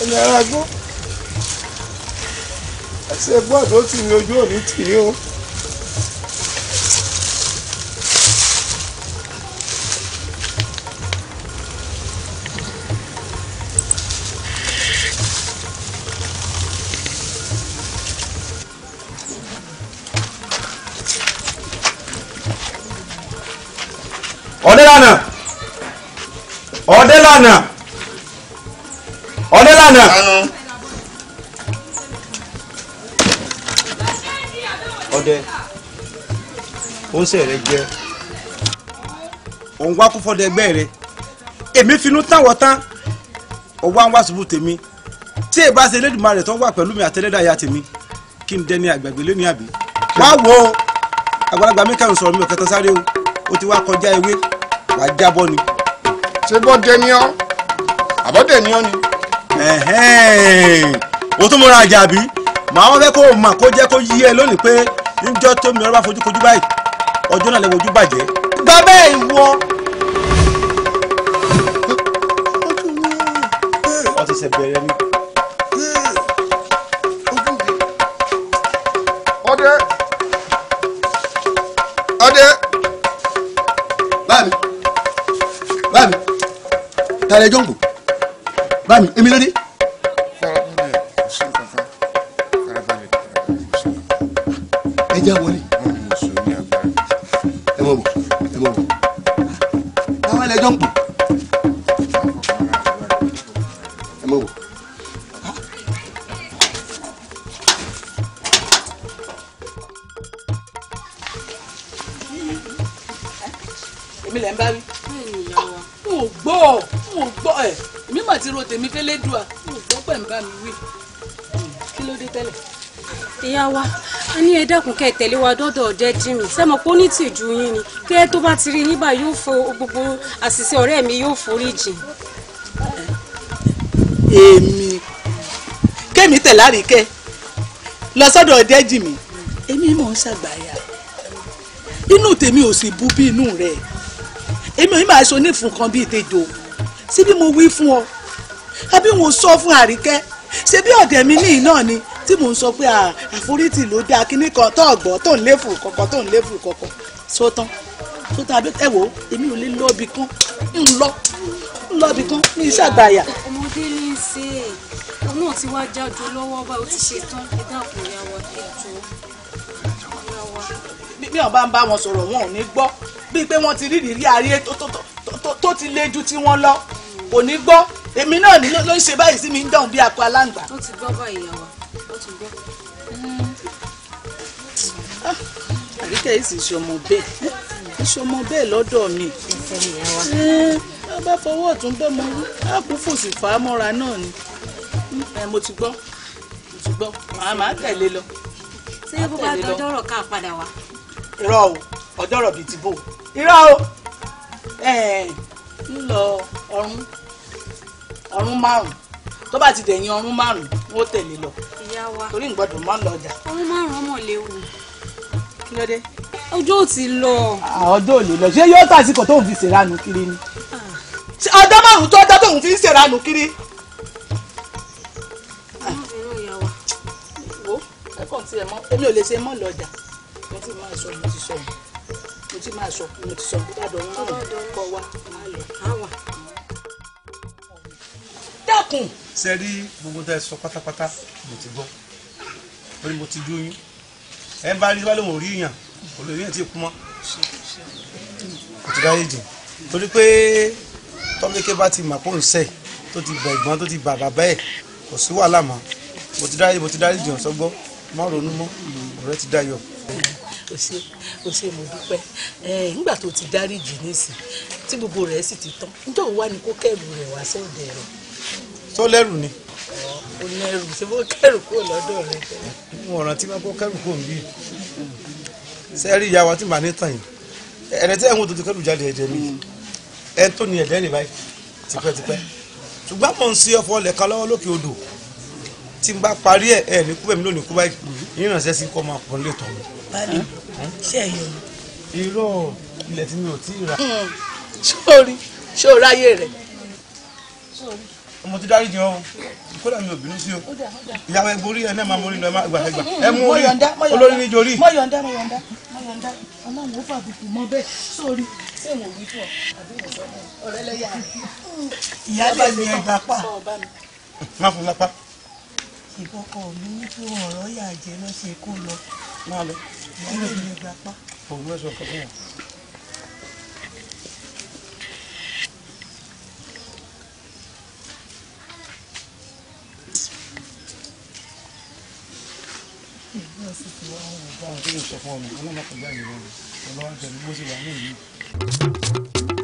ẹni agbó ẹsẹ̀ gbọ́ tó ti ní ojú òní tì í o. ọ̀dẹ́lànà ọ̀dẹ́lànà ọ̀dẹ́lànà. ó ń sẹ̀rẹ̀ jẹ òun wá kú fọ́dọ̀ ẹgbẹ́ rẹ èmi finú táwọn tán ọwọ́ àwọn wàṣubú tèmi tí èbá ṣe Elédùmarè tó wà pẹ̀lú mi àtẹlẹ́dàáyà tèmi kí n dẹni àgbàgbé lé ní àbí. wá wo àgbàlagbà mi kẹrin sọ̀rọ̀ mi ò kẹta sáré o ó ti wá kọjá ewé wàá jábọ́ ni. ṣé bọ́ dẹni ọ́ àbọ̀dẹ̀ ni ọ́ ni. o tún múra àjàbí màá wọn fẹ́ kó o mà kó jẹ́ kó yí ẹ lónìí pé níjọ́ tó mi ọ̀rọ̀ bá fojú kojú báyìí ọjọ́ náà lẹ́wọ̀n ojú bàjẹ́. bàbá ẹ̀ wọ. wọ́n ti ṣe bẹ̀rẹ̀ mi. ọdẹ ọdẹ báàmì báàmì tààrẹ jọ̀ǹgò báàmì èmi ló dé. ẹ já wọlé. yín ẹ dákun kẹ́ tẹ̀lé wa dọ́dọ̀ jẹ́ jimmy sẹ́mọ̀ pé ó ní tìjú yín ni kẹ́ tó bá ti rí yín bá yóò fo gbogbo àṣìṣe ọ̀rẹ́ mi yóò forí jìn. èmi kẹ́mi tẹ̀lé àríkẹ́ lọ sọ́dọ̀ jẹ́ jimmy èmi mọ̀ ń ṣàgbáyà inú tèmi ò sì bu bí inú rẹ̀ èmi ò ní máa ṣe onífun kan bíi tèjò síbí mo wí fún ọ àbí wọn sọ fún àríkẹ́ ṣe bí ọ̀dẹ̀ mi ní iná ni tí mò ń sọ pé àforítì ló dáa kíní kan tó ọ̀gbọ́n tó ń léfù kọ̀ọ̀kan tó ń léfù kọ̀ọ̀kan sótán sótán abẹ́ ẹ̀ wò èmi ò lè lọ ibì kan ń lọ ń lọ ibì kan ní iṣẹ́ àgbàyà. ọmọdé ní í ṣe é òun náà ti wá jáde lọ́wọ́ bá ó ti ṣe tán ẹ dákun ìyá wa kí ẹ tó ìyá wa. bí wọn bá ń bá wọn sọ̀rọ̀ wọn ò ní gbọ́ bíi pé wọ́n ti rí ìrírí ayé tó ti le ju tí wọ́n lọ kò ní gbọ́ èmi náà ló ń ṣe báyìí sí mi ń dáhùn bí akọ aláǹgbá. ó ti gbọ́ báyìí yà wá tún gbọ́. Ah, àríkẹ́ yìí sì ṣe ọmọ bẹ́ẹ̀ ṣe ọmọ bẹ́ẹ̀ lọ́dọ̀ mi. ẹ eh, bá fọwọ́ ọ̀tún bọ́ mọ á kú fòsì fà á mọ́ra náà ni. Eh, mo ti gbọ́ mo ti gbọ́ màá máa tẹ̀lé lọ. ṣé bó bá dọ́dọ́rọ̀ ká padà wá. irọ́ o ọ̀dọ́rọ̀ bíi ti bò irọ́ o eh, ń lọ ọ̀run ọ̀run márùn-ún tó bá ti dẹ̀yìn ọrún márùn ún ó tẹ̀lé lọ. ìyá wa torí ń gbọ́dọ̀ mọ́ lọ́jà. ọrún márùn ọmọ léwu. kí ló dé. ọjọ́ ò ti lọ. ọjọ́ ò lè lọ ṣé yóò tàsíkò tóun fi ṣèrànù kiri ni. ọjọ́ márùn tó ọjọ́ tóun fi ń ṣèrànù kiri. wo ẹ̀kọ́ tí ẹ mọ́ èmi ò lè ṣe mọ́ lọ́jà mo ti máa sọ mo ti sọ mo ti máa sọ mo ti sọ mo ti dàdọ̀ wọn kọ́ wa. dákun ṣe rí gbogbo tẹ́ sọ pátápátá mo ti gbọ́ ó ní mo ti dúyún ẹ bá rí wá lóun rí yàn olórí yàn ti kú mọ́ kò ti dáyé jìn torí pé tọ́mílẹ́kẹ́ bá ti mà kó ń sẹ̀ tó ti bẹ̀ ìgbọ́n tó ti bà bàbá ẹ̀ kò sí wàhálà mọ́ mo ti dáyé mo ti dáyé jìn ọ̀sọ́gbọ́ má ronú mọ́ ọ̀rẹ́ ti dáyọ̀ o ṣé o ṣé mo dúpẹ́ nígbà tó ti dáríjì nísìn tí gbogbo rẹ̀ sì ti tán níjọ́ wa ni kó kẹ́rù rẹ̀ wá sọ́ọ̀dẹ̀ rẹ̀ tó lẹ́rù ni. ó lẹ́rù ṣé mo kẹ́rù kó lọ́dọ̀ rẹ. mo rántí máa kó kẹ́rù kó mi sẹ́rí ìyá wa tí màá ní tàn yìí ẹ̀rẹ́ tí ẹ̀hún tó ti kẹ́rù jáde ẹ̀jẹ̀ mi ẹ̀ tó ni ẹ̀dẹ́ rìn báyìí tipẹ́tipẹ́ ṣùgbọ́n mo ń ṣe ọ̀fọ̀ lẹ́ka lọ́wọ́ lókè odò tí n bá parí ẹ̀ ẹ̀ ní kúbẹ̀ mi lónìí kú báyìí ìrìnàṣẹ́ sí kọ́ máa pọ̀ nílé tọ̀ mi. ṣe yọ. irọ́ ilẹ̀ tí mi ò tí ì rà. sórí sórí ayé rẹ̀ sórí mo ti dáríjì ọ kódà mi ò bínú sí o ìyàwó ẹ borí ẹ náà máa mórí lọ ẹ má gbà ẹgbà ẹ mú orí olórí ní jorí. mo yọ̀ǹda mo yọ̀ǹda mo yọ̀ǹda ọlọ́run ó fàbùkù mọ bẹ́ẹ̀ sórí sèwọ̀n wí fún ọ ọ̀rẹ́ lẹ́yà ìyá bá mi ẹ̀ gbà pa má fún lápá. ìkọkọ mi ní kí ọ̀rọ̀ yà jẹ́ lọ́sẹ̀ kó lọ. má lọ. ìyá bá mi ẹ̀ gbà pa. òun ló sọ fún mi. ọlọ́run ti